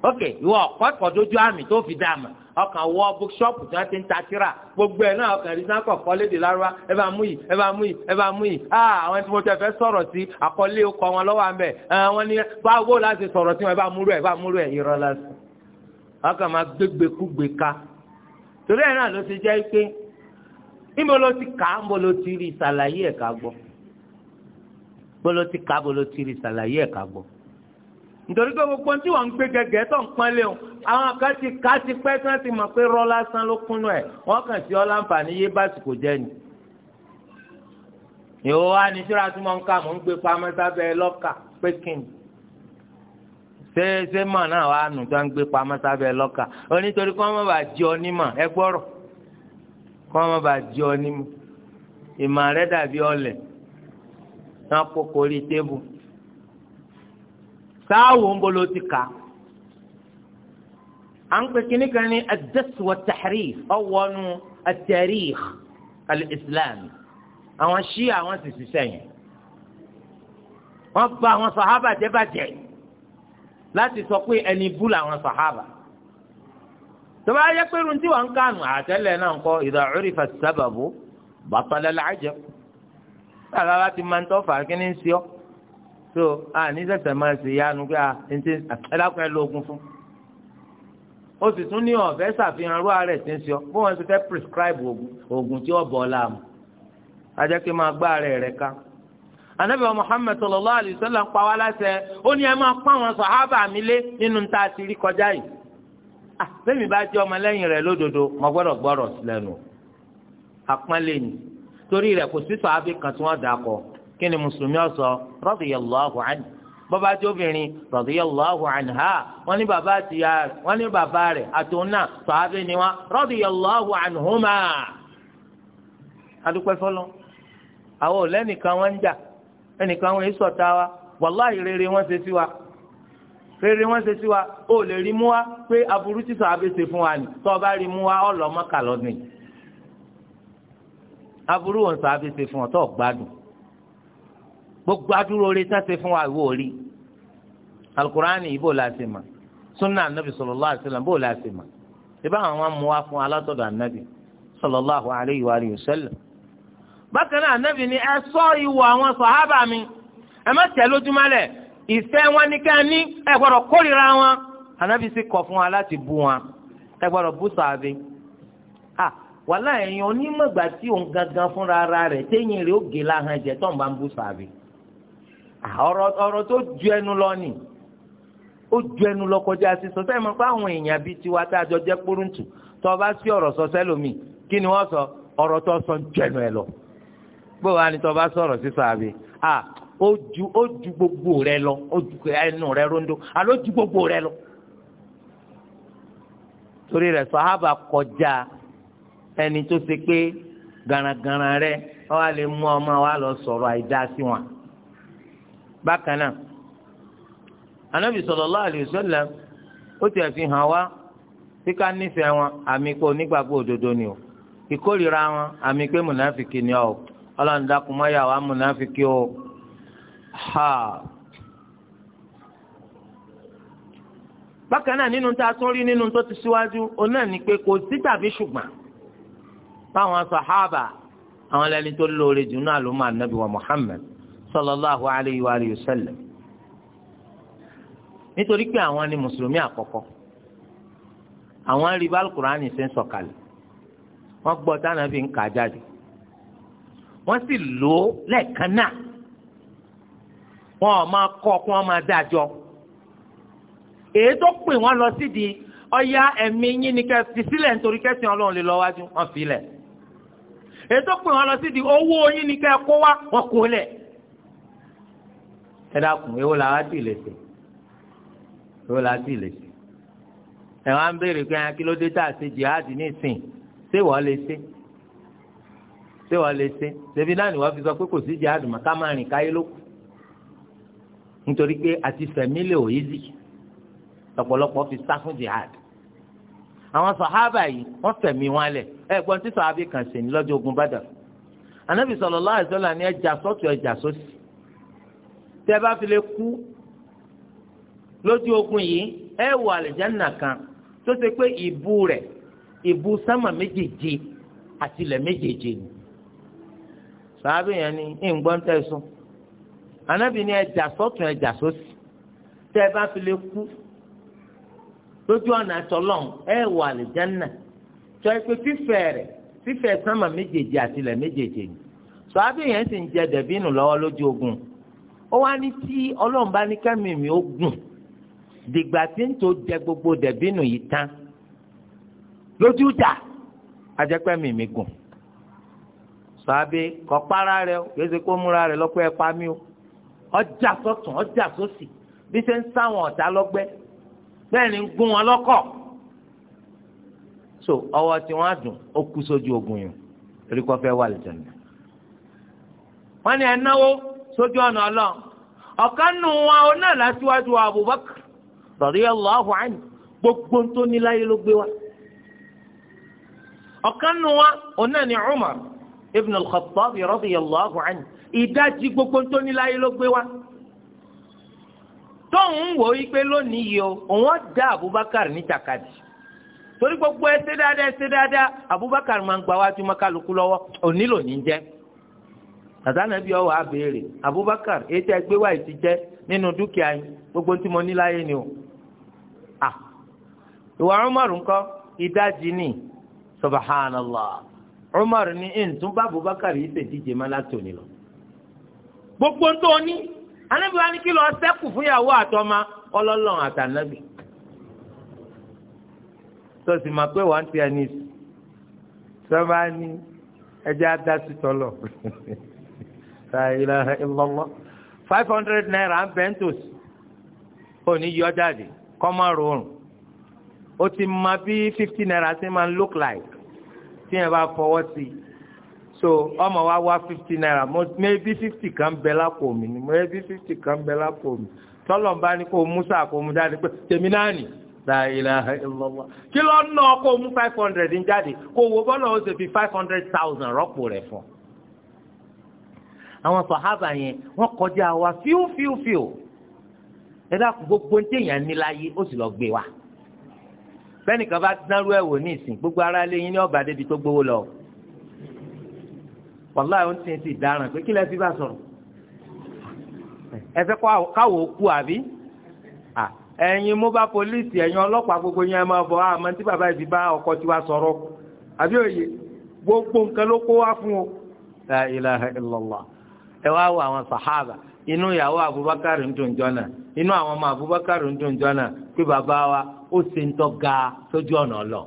ok ìwọ ọ̀pọ̀ ẹ̀kọ́ dójú àmì tó fi dáàmà ọkàn wọ bukṣọ́ọ̀pù tí wọ́n ti ń ta tíra gbogbo ẹ̀ náà ọkàn rí sáńkọ̀ kọ́lédè lárúbá ẹ bá mú yìí ẹ bá mú yìí ẹ bá mú yìí ah àwọn ẹni tí mo tẹ fẹ́ sọ̀rọ̀ sí àkọlé ọkọ̀ wọn lọ́wọ́ àmì ẹ̀ ah, wọ́n ní báwo láti sọ̀rọ̀ sí wọn ẹ bá múrú ẹ̀ ẹ bá múrú ẹ̀ irọ́ lásán ọkàn máa gbégbé kúgbé ká torí ẹ̀ náà ló ti jẹ́ pé níbo ló ti kà á níbo ló ti rí ìsàlàyé ẹ̀ ká gbọ́ níbo ló ti kà á níbo ló ti rí ìsàlàyé ẹ̀ ká gbọ́ nítorí pé gbogbo tí wọ́n ń gbé gẹ́gẹ́ tó ń pọ́n léwu àwọn kan ti ká ti pẹ́ tí wọ́n ti mọ̀ pé rọ́ lásán ló kúnnú ẹ̀ wọ́n kàn sí ọ láǹfààní yé bá sìkò jẹ́ ni. ìwọ wa ni síra tí mo ń kà mo ń gbé pamọ́ sábẹ́ lọ́kà pé kí ni. ṣé ṣé mọ̀ náà wàá nù tó ń gbé pamọ́ sábẹ́ lọ́kà onítorí kí wọ́n má bàa ọ kọ́mọ́ bá jẹ ọ nímú ìmọ̀ rẹ dàbí ọlẹ̀ náà kó korí tébù sáàwò ń bolo ti kà á ń pè kíní kan ní adẹ́sùwọ̀ tahrif ọ̀wọ́nu at-tarikh al-islam àwọn ṣíà àwọn sì ṣiṣẹ́ wọ́n gba àwọn sàhábà jẹ́ bàjẹ́ láti sọ pé ẹni bú làwọn sàhábà. tó bá yẹ pé irun tí wọ́n ń kánú àtẹ́lẹ̀ náà kọ́ idha urifa sababu batala al ti máa ń sọ so àní sẹ̀sẹ̀ máa ṣe yánu pé ah, ẹ dákun ẹ lóògùn fún O sì tún ní ọ̀fẹ́ ṣàfihàn rú ààrẹ tí ń sọ bó wọn ti fẹ́ prescribe oògùn tí ó bọ̀ ọ́ láàmú ajẹ́ kí máa gbá ààrẹ ká anabi wa muhammed sallallahu alayhi wa sallam pa Ah, bẹ́ẹ̀ni bá jẹ́ ọmọlẹ́yìn rẹ̀ lódodo mo gbọ́dọ̀ gbọ́rọ̀ lẹ́nu àpọ́nlé ni torí rẹ̀ kò sí sàábì kan tí wọ́n dà kí ni mùsùlùmí ọ̀sọ́ radiyallahu anhu bọ́bá tí obìnrin radiyallahu anha ni wọ́n adúpẹ́ fọlọ́ àwọn ò lẹ́nìkan wọ́n ń jà rere wọ́n ṣe sí wa ó lè rí mú wa pé aburú tí sàábé ṣe fún wa ni tó o bá rí mú wa ọ̀lọ́ mọ́kà lọ́dún yìí aburú wọn sàábé ṣe fún ọ tó o gbádùn gbogbo adúró orí tá fún wa ìwọ orí alukurani ibo la ṣe ma sunna anabi sallallahu alaihi wasallam bó la ṣe ma ibà àwọn mú wa fún alátọ̀dọ̀ anabi sallallahu alaihi wa alihi wasallam bákan náà anabi ni ẹ sọ ìwọ àwọn sàhábà mi ẹ má tẹ̀ lójúmọ́ ìfẹ́ wọn ní ká ní ẹ gbọ́dọ̀ kórìíra wọn ànábì sì kọ̀ fún wa láti bú wọn ẹ gbọ́dọ̀ bú sàbí. à wàhálà ẹ̀yìn onímọ̀gbà tí òun gangan fúnra ara rẹ̀ téyìn rẹ̀ ó gé láhàn jẹ tó ń bá ń bú sàbí. ọ̀rọ̀ tó ju ẹnu lọ nì ó ju ẹnu lọ kọjá sí sọ sẹ́yìn mọ́ pé àwọn èèyàn bíi tiwa tá a jọ jẹ́ kúrúǹtù tó o bá sí ọ̀rọ̀ sọ sẹ́lómi kí ni wọ́n sọ ọ̀rọ̀ tó sọ ju ẹnu ẹ lọ. gbọ́dọ̀ ó ju ó ju gbogbo rẹ lọ ó ju ẹnu rẹ rondo àló ju gbogbo rẹ lọ torí rẹ sàhábà kọjá ẹni tó ṣe pé garagara rẹ ọ wá lè mú ọmọ wa lọ sọ̀rọ̀ àìdá sí wọn bákan náà anabi sallallahu alayhi wa sallam ó ti fi hàn wá tí ká nífẹ̀ẹ́ wọn àmì pé onígbàgbọ́ òdodo ni o ìkórìíra wọn àmì pé mùnàfíkì ni ọ ọlọ́run dákun yà wá mùnàfíkì o ha bákan náà nínú tá a tún rí nínú tó ti síwájú òun náà ni pé kò sí tàbí ṣùgbọ́n báwọn sàhábà àwọn lẹni tó lóore jù náà ló máa nàbí wa Muhammad sallallahu alayhi wa alihi wa sallam nítorí pé àwọn ni mùsùlùmí àkọ́kọ́ àwọn rí bálùkùránì ṣe ń sọ̀kalẹ̀ wọ́n gbọ́ tánàbí ń kà jáde wọ́n sì lò ó lẹ́ẹ̀kan náà wọn ò máa kọ́ kí wọ́n máa dájọ́ èyí tó pè wọ́n lọ sídìí ọ̀ya ẹ̀mí yín ni kẹ́ fi sílẹ̀ nítorí kẹ́sìn ọlọ́run lè lọ wájú wọ́n fi lẹ̀ èyí tó pè wọ́n lọ sídìí owó yín ni kẹ́ kó wá wọ́n kó lẹ̀ ẹ dákun èwo làwa ti lè ṣe èwo làwa ti lè ẹ wá ń béèrè pé kí ló dé tá a ṣe jihadi nísìn ṣé wọ́n lè ṣe ṣé wọ́n lè ṣe ṣebí náà ni wọ́n fi sọ pé kò sí jihadi mọ́ ká máa rìn káyé lóko nítorí pé àti fẹ̀mílẹ̀ ò yízi ọ̀pọ̀lọpọ̀ fi sá fún jihad àwọn sàhábà yìí wọ́n fẹ̀mí wọn lẹ̀ ẹ̀gbọ́n tí sàhábì kan sì ní lọ́jọ́ ogun Badr anabi sallallahu alaihi wasallam ní ẹja sọ́tù ẹja sósì tẹ́ bá fi lè kú lójú ogun yìí ẹ wọ àlìjáná kan tó ṣe pé ìbú rẹ̀ ìbú sámà méjèèje àti méjèèje ni sàhábì yẹn ni ìǹgbọ́n tẹ̀sùn anabi ni ẹjà sọ́tún ẹjà sósì tẹ́ ẹ bá fi lè kú lójú ọ̀nà àtọ̀lọ́n ẹ wà àlìjánà tọ́ ẹ pé fífẹ́ rẹ̀ fífẹ́ sánmà méjèèjì àti ilẹ̀ méjèèjì ni sọ abẹ́yẹn sì ń jẹ dẹ̀bí nù lọ́wọ́ lójú ogun ó wá ní tí ọlọ́run bá ní kẹ́mìmì ó gùn dìgbà tí ń tó jẹ gbogbo dẹ̀bí nù yìí tán lójú ìjà ajẹ́pẹ́ mìmì gùn sọ abẹ́ kọ́ para rẹ o kì í ṣe kó múra rẹ lọ́pọ̀ ẹ̀ pa mí o ọjà sọ́tún ọjà sósì bí ṣe ń sáwọn ọ̀tá lọ́gbẹ́ bẹ́ẹ̀ ni ń gún wọn lọ́kọ̀ so ọwọ́ tí wọ́n á dùn ó kú sójú ogun yìí torí kọ́ fẹ́ wà lẹ́jọ̀nà wọ́n ní ẹ̀náwó sójú ọ̀nà ọlọ́run ọ̀kan nù wọn ọ náà láṣíwájú Abubakar radiyallahu anhu gbogbo tó ní láyé ló gbé wa ọ̀kan nù wọn ọ ni ní Umar ibn al-Khattab radiyallahu anhu ìdajì gbogbo tó ní láyé ló gbé wá tóun ń wò wípé lónìí yìí o òun dá Abubakar ní jàkadì torí gbogbo ẹsẹ dáadáa ẹsẹ dáadáa Abubakar máa ń gba wájú mọ́kàlùkù lọ́wọ́ òní lòní jẹ́ tàtàna bí ọwọ́ abéèrè Abubakar èyí tẹ́ gbé wáyé ti jẹ́ nínú dúkìá yín gbogbo tí mo ní láyé ni o à ìwà Umar ńkọ́ ìdajì ni subhanallah Umar ni ẹ̀ ń tún bá Abubakar yìí ṣèdíje má látòní lọ gbogbo ń tó o ní anábì wa ní kí lọ sẹ́kù fún ìyàwó àtọ́mà ọlọ́lọ́run àtànábì tó máa pé wọ́n ti ẹni sọ́ba ní ẹjẹ́ adásí tọ́lọ̀ ṣàìlà ìlọ́lọ́ five hundred naira ń bẹ́ ń tòsí ní yọ jáde kọ́ máa rọrùn ó ti máa bí fifty naira ṣe máa ń look like tí yẹn bá fọwọ́ sí i so ọmọ wa wá fifty naira mo maybe fifty kan bẹ lápò mi ni maybe fifty kan bẹ lápò mi tọ́lọ̀ ń bá ní kó o mú sáà kó o mú jáde pé tèmi náà nì la ilaha illallah kí ló ń ná kó o five hundred ń jáde kó wo bọ́lá o ṣe fi five hundred thousand rọ́pò rẹ̀ fún un àwọn sọ̀hábà yẹn wọ́n kọjá wa fíú fíú fíú ẹ dákun gbogbo ní téèyàn ní ó sì lọ gbé wa bẹ́ẹ̀ni kan bá dánrú ẹ̀ wò ní ìsìn gbogbo ara lé ní ọ̀bà débi tó gbówó lọ wàláyé ó ń tiẹ̀ ti dáràn pé kí lẹ́ fi bá sọ̀rọ̀ ẹ fẹ́ káwọ́ kú àbí ẹ̀yin mobile police ẹ̀yin ọlọ́pàá gbogbo yẹn máa bọ̀ àmọ́ tí bàbá yìí fi bá ọkọ tiwa sọ̀rọ̀ àbí òye gbogbo nǹkan ló kó wá fún o la ilaha illallah ẹ wá wọ àwọn sàhábà inú ìyàwó Abubakar ń dùn jọ́nà inú àwọn ọmọ Abubakar ń dùn pé bàbá wa ó ṣe ń tọ́ ga sójú ọ̀nà ọlọ́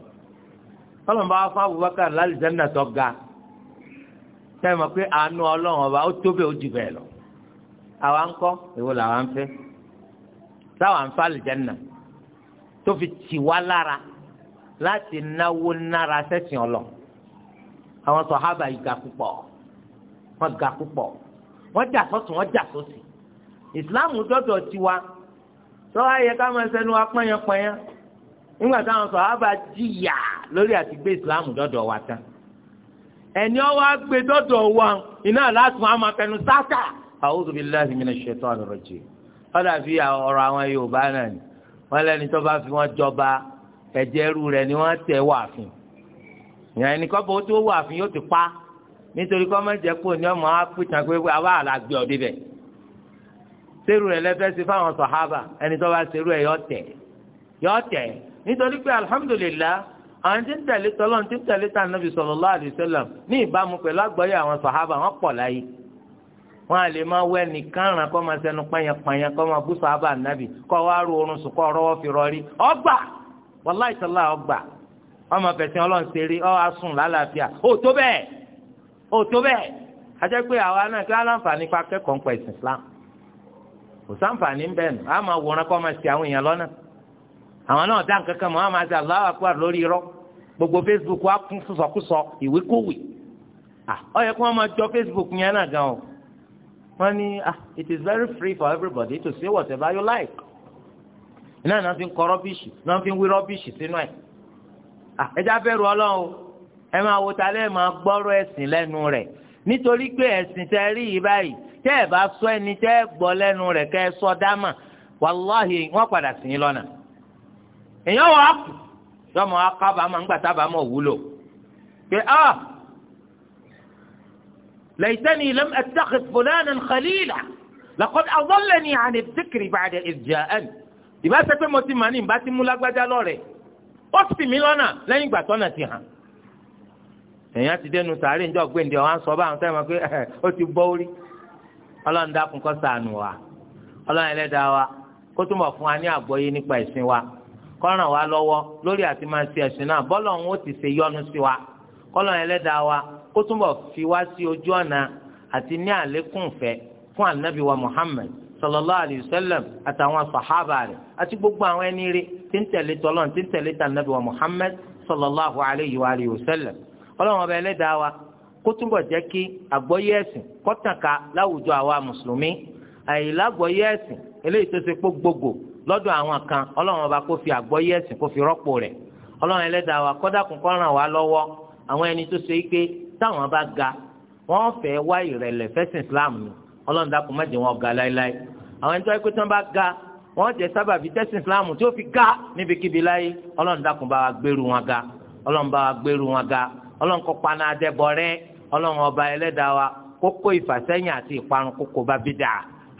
ọlọ́mọba wa fún Abubakar lálẹ́ jẹ́ńdà tọ́ ga sẹ́yìn mọ̀ pé àánú ọlọ́run ọba ó tó bẹ́ẹ̀ ó jù bẹ́ẹ̀ lọ àwa ń kọ́ èwo làwa ń fẹ́ táwa ń fẹ́ àlùjánnà tó fi tì wá lára láti náwó nára sẹ́sìn ọlọ́run àwọn sọ̀hábà yìí ga púpọ̀ wọ́n ga púpọ̀ wọ́n jà sọ́tún wọ́n jà sósì ìsìláàmù dọ́dọ̀ tiwa tọ́wọ́ yẹ ká máa sẹ́nu apọ́nyẹpọ́nyẹ nígbà táwọn sọ̀hábà jìyà lórí àti gbé ìsìláàmù dọ́dọ̀ wa tán ẹni ọ wá gbé dọ́dọ̀ wa iná láti wọn máa fẹnu sáta. a'udhu billahi minash shaitanir rajim wọ́n dàbí ọ̀rọ̀ àwọn yorùbá náà ni wọ́n lẹ́ni tó bá fi wọ́n jọba ẹ̀jẹ̀ ẹrú rẹ̀ ni wọ́n tẹ̀ wàfin ìyá ẹni kọ́ bó tó wàfin yóò ti pa nítorí kọ́ mẹ́jẹ̀ kó ní ọmọ apìtàn pé àwa àlàgbé ọ̀dẹ bẹ̀ sẹ́rù rẹ̀ lẹ́fẹ́ sí fáwọn sàhábà ẹni tó bá sẹ́rù ẹ̀ yọ tẹ̀ yọ tẹ̀ nítorí pé alhamdulillah àwọn tí ń tẹ̀lé tọ́lọ́run tí ń tẹ̀lé tà nàbì sallallahu alaihi wasallam ní ìbámu pẹ̀lú àgbọ́yé àwọn sàhábà wọn pọ̀ láyé wọn à lè máa wẹ nìkan ràn kọ́ máa sẹnu pàyànpàyàn kọ́ máa bú sàhábà nàbì kọ́ wá ru oorun sùn kọ́ rọ́wọ́ fi rọrí ọ asùn lálàáfíà ó tó ó tó bẹ́ẹ̀ pé àwa náà kí aláǹfààní pa akẹ́kọ̀ọ́ ń pa Islam kò gbogbo facebook wa kún sọkúsọ ìwékòwé ọ yẹ kí wọ́n máa jọ facebook yẹn náà gan o wọn ní ah it is very free for everybody to say whatever you like iná náà fi ń kọ rọ́bìṣì náà fi ń wí rọ́bìṣì sínú ẹ̀ ah ẹ já bẹ̀rù ọlọ́run o ẹ máa wo ta lẹ́ẹ̀ máa gbọ́rọ̀ ẹ̀sìn lẹ́nu rẹ̀ nítorí pé ẹ̀sìn tẹ rí yìí báyìí tẹ́ ẹ bá sọ ẹni tẹ́ ẹ gbọ́ lẹ́nu rẹ̀ kẹ́ ẹ sọ dámà wàláhì wọ́n padà sí yín lọ́nà èèyàn wà á kù yọmọ akábàámọ̀ ńgbà tábàámọ̀ wúlò pé a ah, laitani lam attakhidh fulanan khalila laqad adallani ani dhikri ba'da idh ja'ani ìbá ṣe pé mo ti mà ní ìbá ti mú lágbájá lọ́rẹ̀ ó sì mí lọ́nà lẹ́yìn ìgbà tọ́nà ti hàn èèyàn ti dẹnu sàárè ńjọ gbẹ̀ǹdẹ̀ wọn sọ báwọn sẹ́wọ̀n pé eh, ó ti bọ́ orí ọlọ́run dákun kó ṣàánú wa ọlọ́run ẹlẹ́dàá wa kó túnbọ̀ fún wa ní àgbọ́yé nípa ìsìn wa kọ́ràn wa lọ́wọ́ lórí àti máa ṣe ẹ̀sìn náà bọ́lọ̀ ń ó ti ṣe yọ́nú sí wa kọ́lọ̀ ẹlẹ́dàá wa kó túnbọ̀ fi wá sí ojú ọ̀nà àti ní àlékún ìfẹ́ fún ànábì wa Muhammad sallallahu alayhi wa sallam àtàwọn sàhábà rẹ̀ àti gbogbo àwọn ẹni rí tí ń tẹ̀lé tọ́lọ́n tí ń tẹ̀lé tànábì wa Muhammad sallallahu alayhi wa alihi wa sallam ọlọ́run ọba ẹlẹ́dàá wa kó túnbọ̀ jẹ́ kí àgbọ́yé ẹ̀sìn kọ́tànká láwùjọ àwa mùsùlùmí lọ́dọ̀ àwọn kan ọlọ́run ọba kó fi àgbọ́yé ẹ̀sìn kó fi rọ́pò rẹ̀ ọlọ́run ẹlẹ́dàá wa kọ́dàkùn kó ràn wá lọ́wọ́ àwọn ẹni tó so yìí pé táwọn bá ga wọ́n fẹ́ wá ìrẹ̀lẹ̀ fẹ́sìn Islam ni ọlọ́run dákun má jẹ́ wọn ga láéláé àwọn ẹni tó yẹ pé tí wọ́n bá ga wọ́n jẹ́ sábàbí tẹ́sìn Islam tí ó fi ga níbikíbi láyé ọlọ́run dákun bá wa gbèrú wọn ga ọlọ́run bá wa gbèrú wọn ga ọlọ́run kó paná adẹ́bọ̀rẹ́ ọlọ́run ọba ẹlẹ́dàá wa kókó ìfàsẹ́yìn àti ìparun kókó bá bí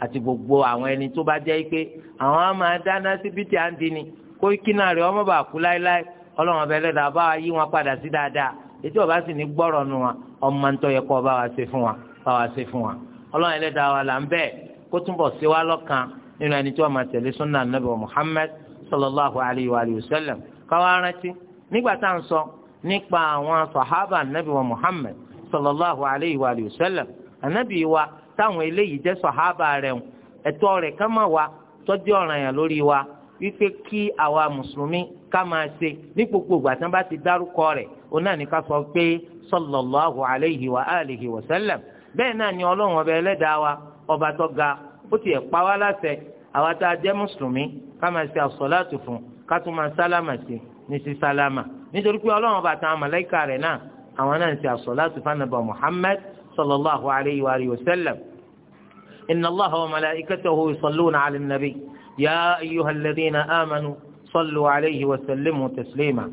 àti gbogbo àwọn ẹni tó bá jẹ́ pé àwọn á máa dáná síbi tí à ń di ni kó kínà rẹ̀ ọmọ bá kú láéláé ọlọ́run ọbẹ̀ lẹ́dàá bá wa yí wọn padà sí dáadáa ètò ọba sì ní gbọ́rọ̀ nu wọn ọmọ ń tọ́yẹ kọ́ bá wa ṣe fún wa bá wa ṣe fún wa ọlọ́run ẹlẹ́dàá wa là ń bẹ̀ kó túnbọ̀ sí wa lọ́kàn nínú ẹni tí wọ́n máa tẹ̀lé sunna nabi muhammed sallallahu alayhi wa sallam káwa rántí nígbà tá à ń sọ nípa àwọn sahaba nabi muhammed sallallahu alayhi wa sallam anabi wa táwọn eléyìí jẹ́ sọ̀hábà rẹ̀ ń ẹ̀tọ́ rẹ̀ ká máa wá tọ́jú ọ̀ràn yẹn lórí wa wípé kí àwa mùsùlùmí ká máa ṣe ní gbogbo ìgbà tí wọ́n bá ti dárúkọ rẹ̀ òun náà ní ká sọ pé sallallahu alayhi wa alihi wa sallam bẹ́ẹ̀ náà ni ọlọ́run ọba ẹlẹ́dàá wa ọba tó ga ó ti ẹ̀ pa wá láṣẹ àwa tá a jẹ́ mùsùlùmí ká máa ṣe àsọ̀láàtù fún ká tún máa sálámà sí ní sí sálámà nítorí pé ọlọ́run ọba àtàwọn màláíkà rẹ̀ náà àwọn náà ń ṣe àsọ̀láàtù fún ànábì Muhammad صلى الله عليه وآله وسلم إن الله وملائكته يصلون على النبي يا أيها الذين آمنوا صلوا عليه وسلموا تسليما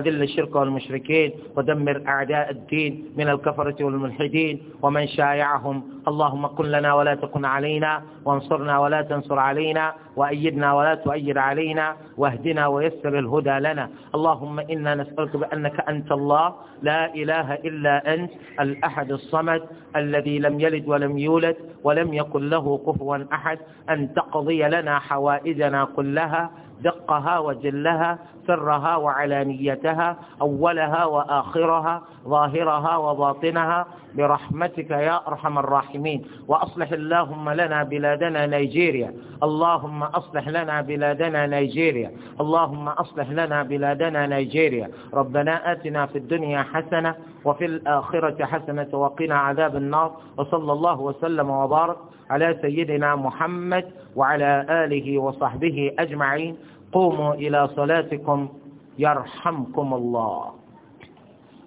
وأذل الشرك والمشركين ودمر أعداء الدين من الكفرة والملحدين ومن شايعهم اللهم كن لنا ولا تكن علينا وانصرنا ولا تنصر علينا وأيدنا ولا تؤيد علينا واهدنا ويسر الهدى لنا اللهم إنا نسألك بأنك أنت الله لا إله إلا أنت الأحد الصمد الذي لم يلد ولم يولد ولم يكن له كفوا أحد أن تقضي لنا حوائجنا كلها دقها وجلها سرها وعلانيتها أولها وآخرها ظاهرها وباطنها برحمتك يا أرحم الراحمين وأصلح اللهم لنا بلادنا نيجيريا اللهم أصلح لنا بلادنا نيجيريا اللهم أصلح لنا بلادنا نيجيريا ربنا آتنا في الدنيا حسنة وفي الآخرة حسنة وقنا عذاب النار وصلى الله وسلم وبارك على سيدنا محمد وعلى آله وصحبه أجمعين قوموا إلى صلاتكم يرحمكم الله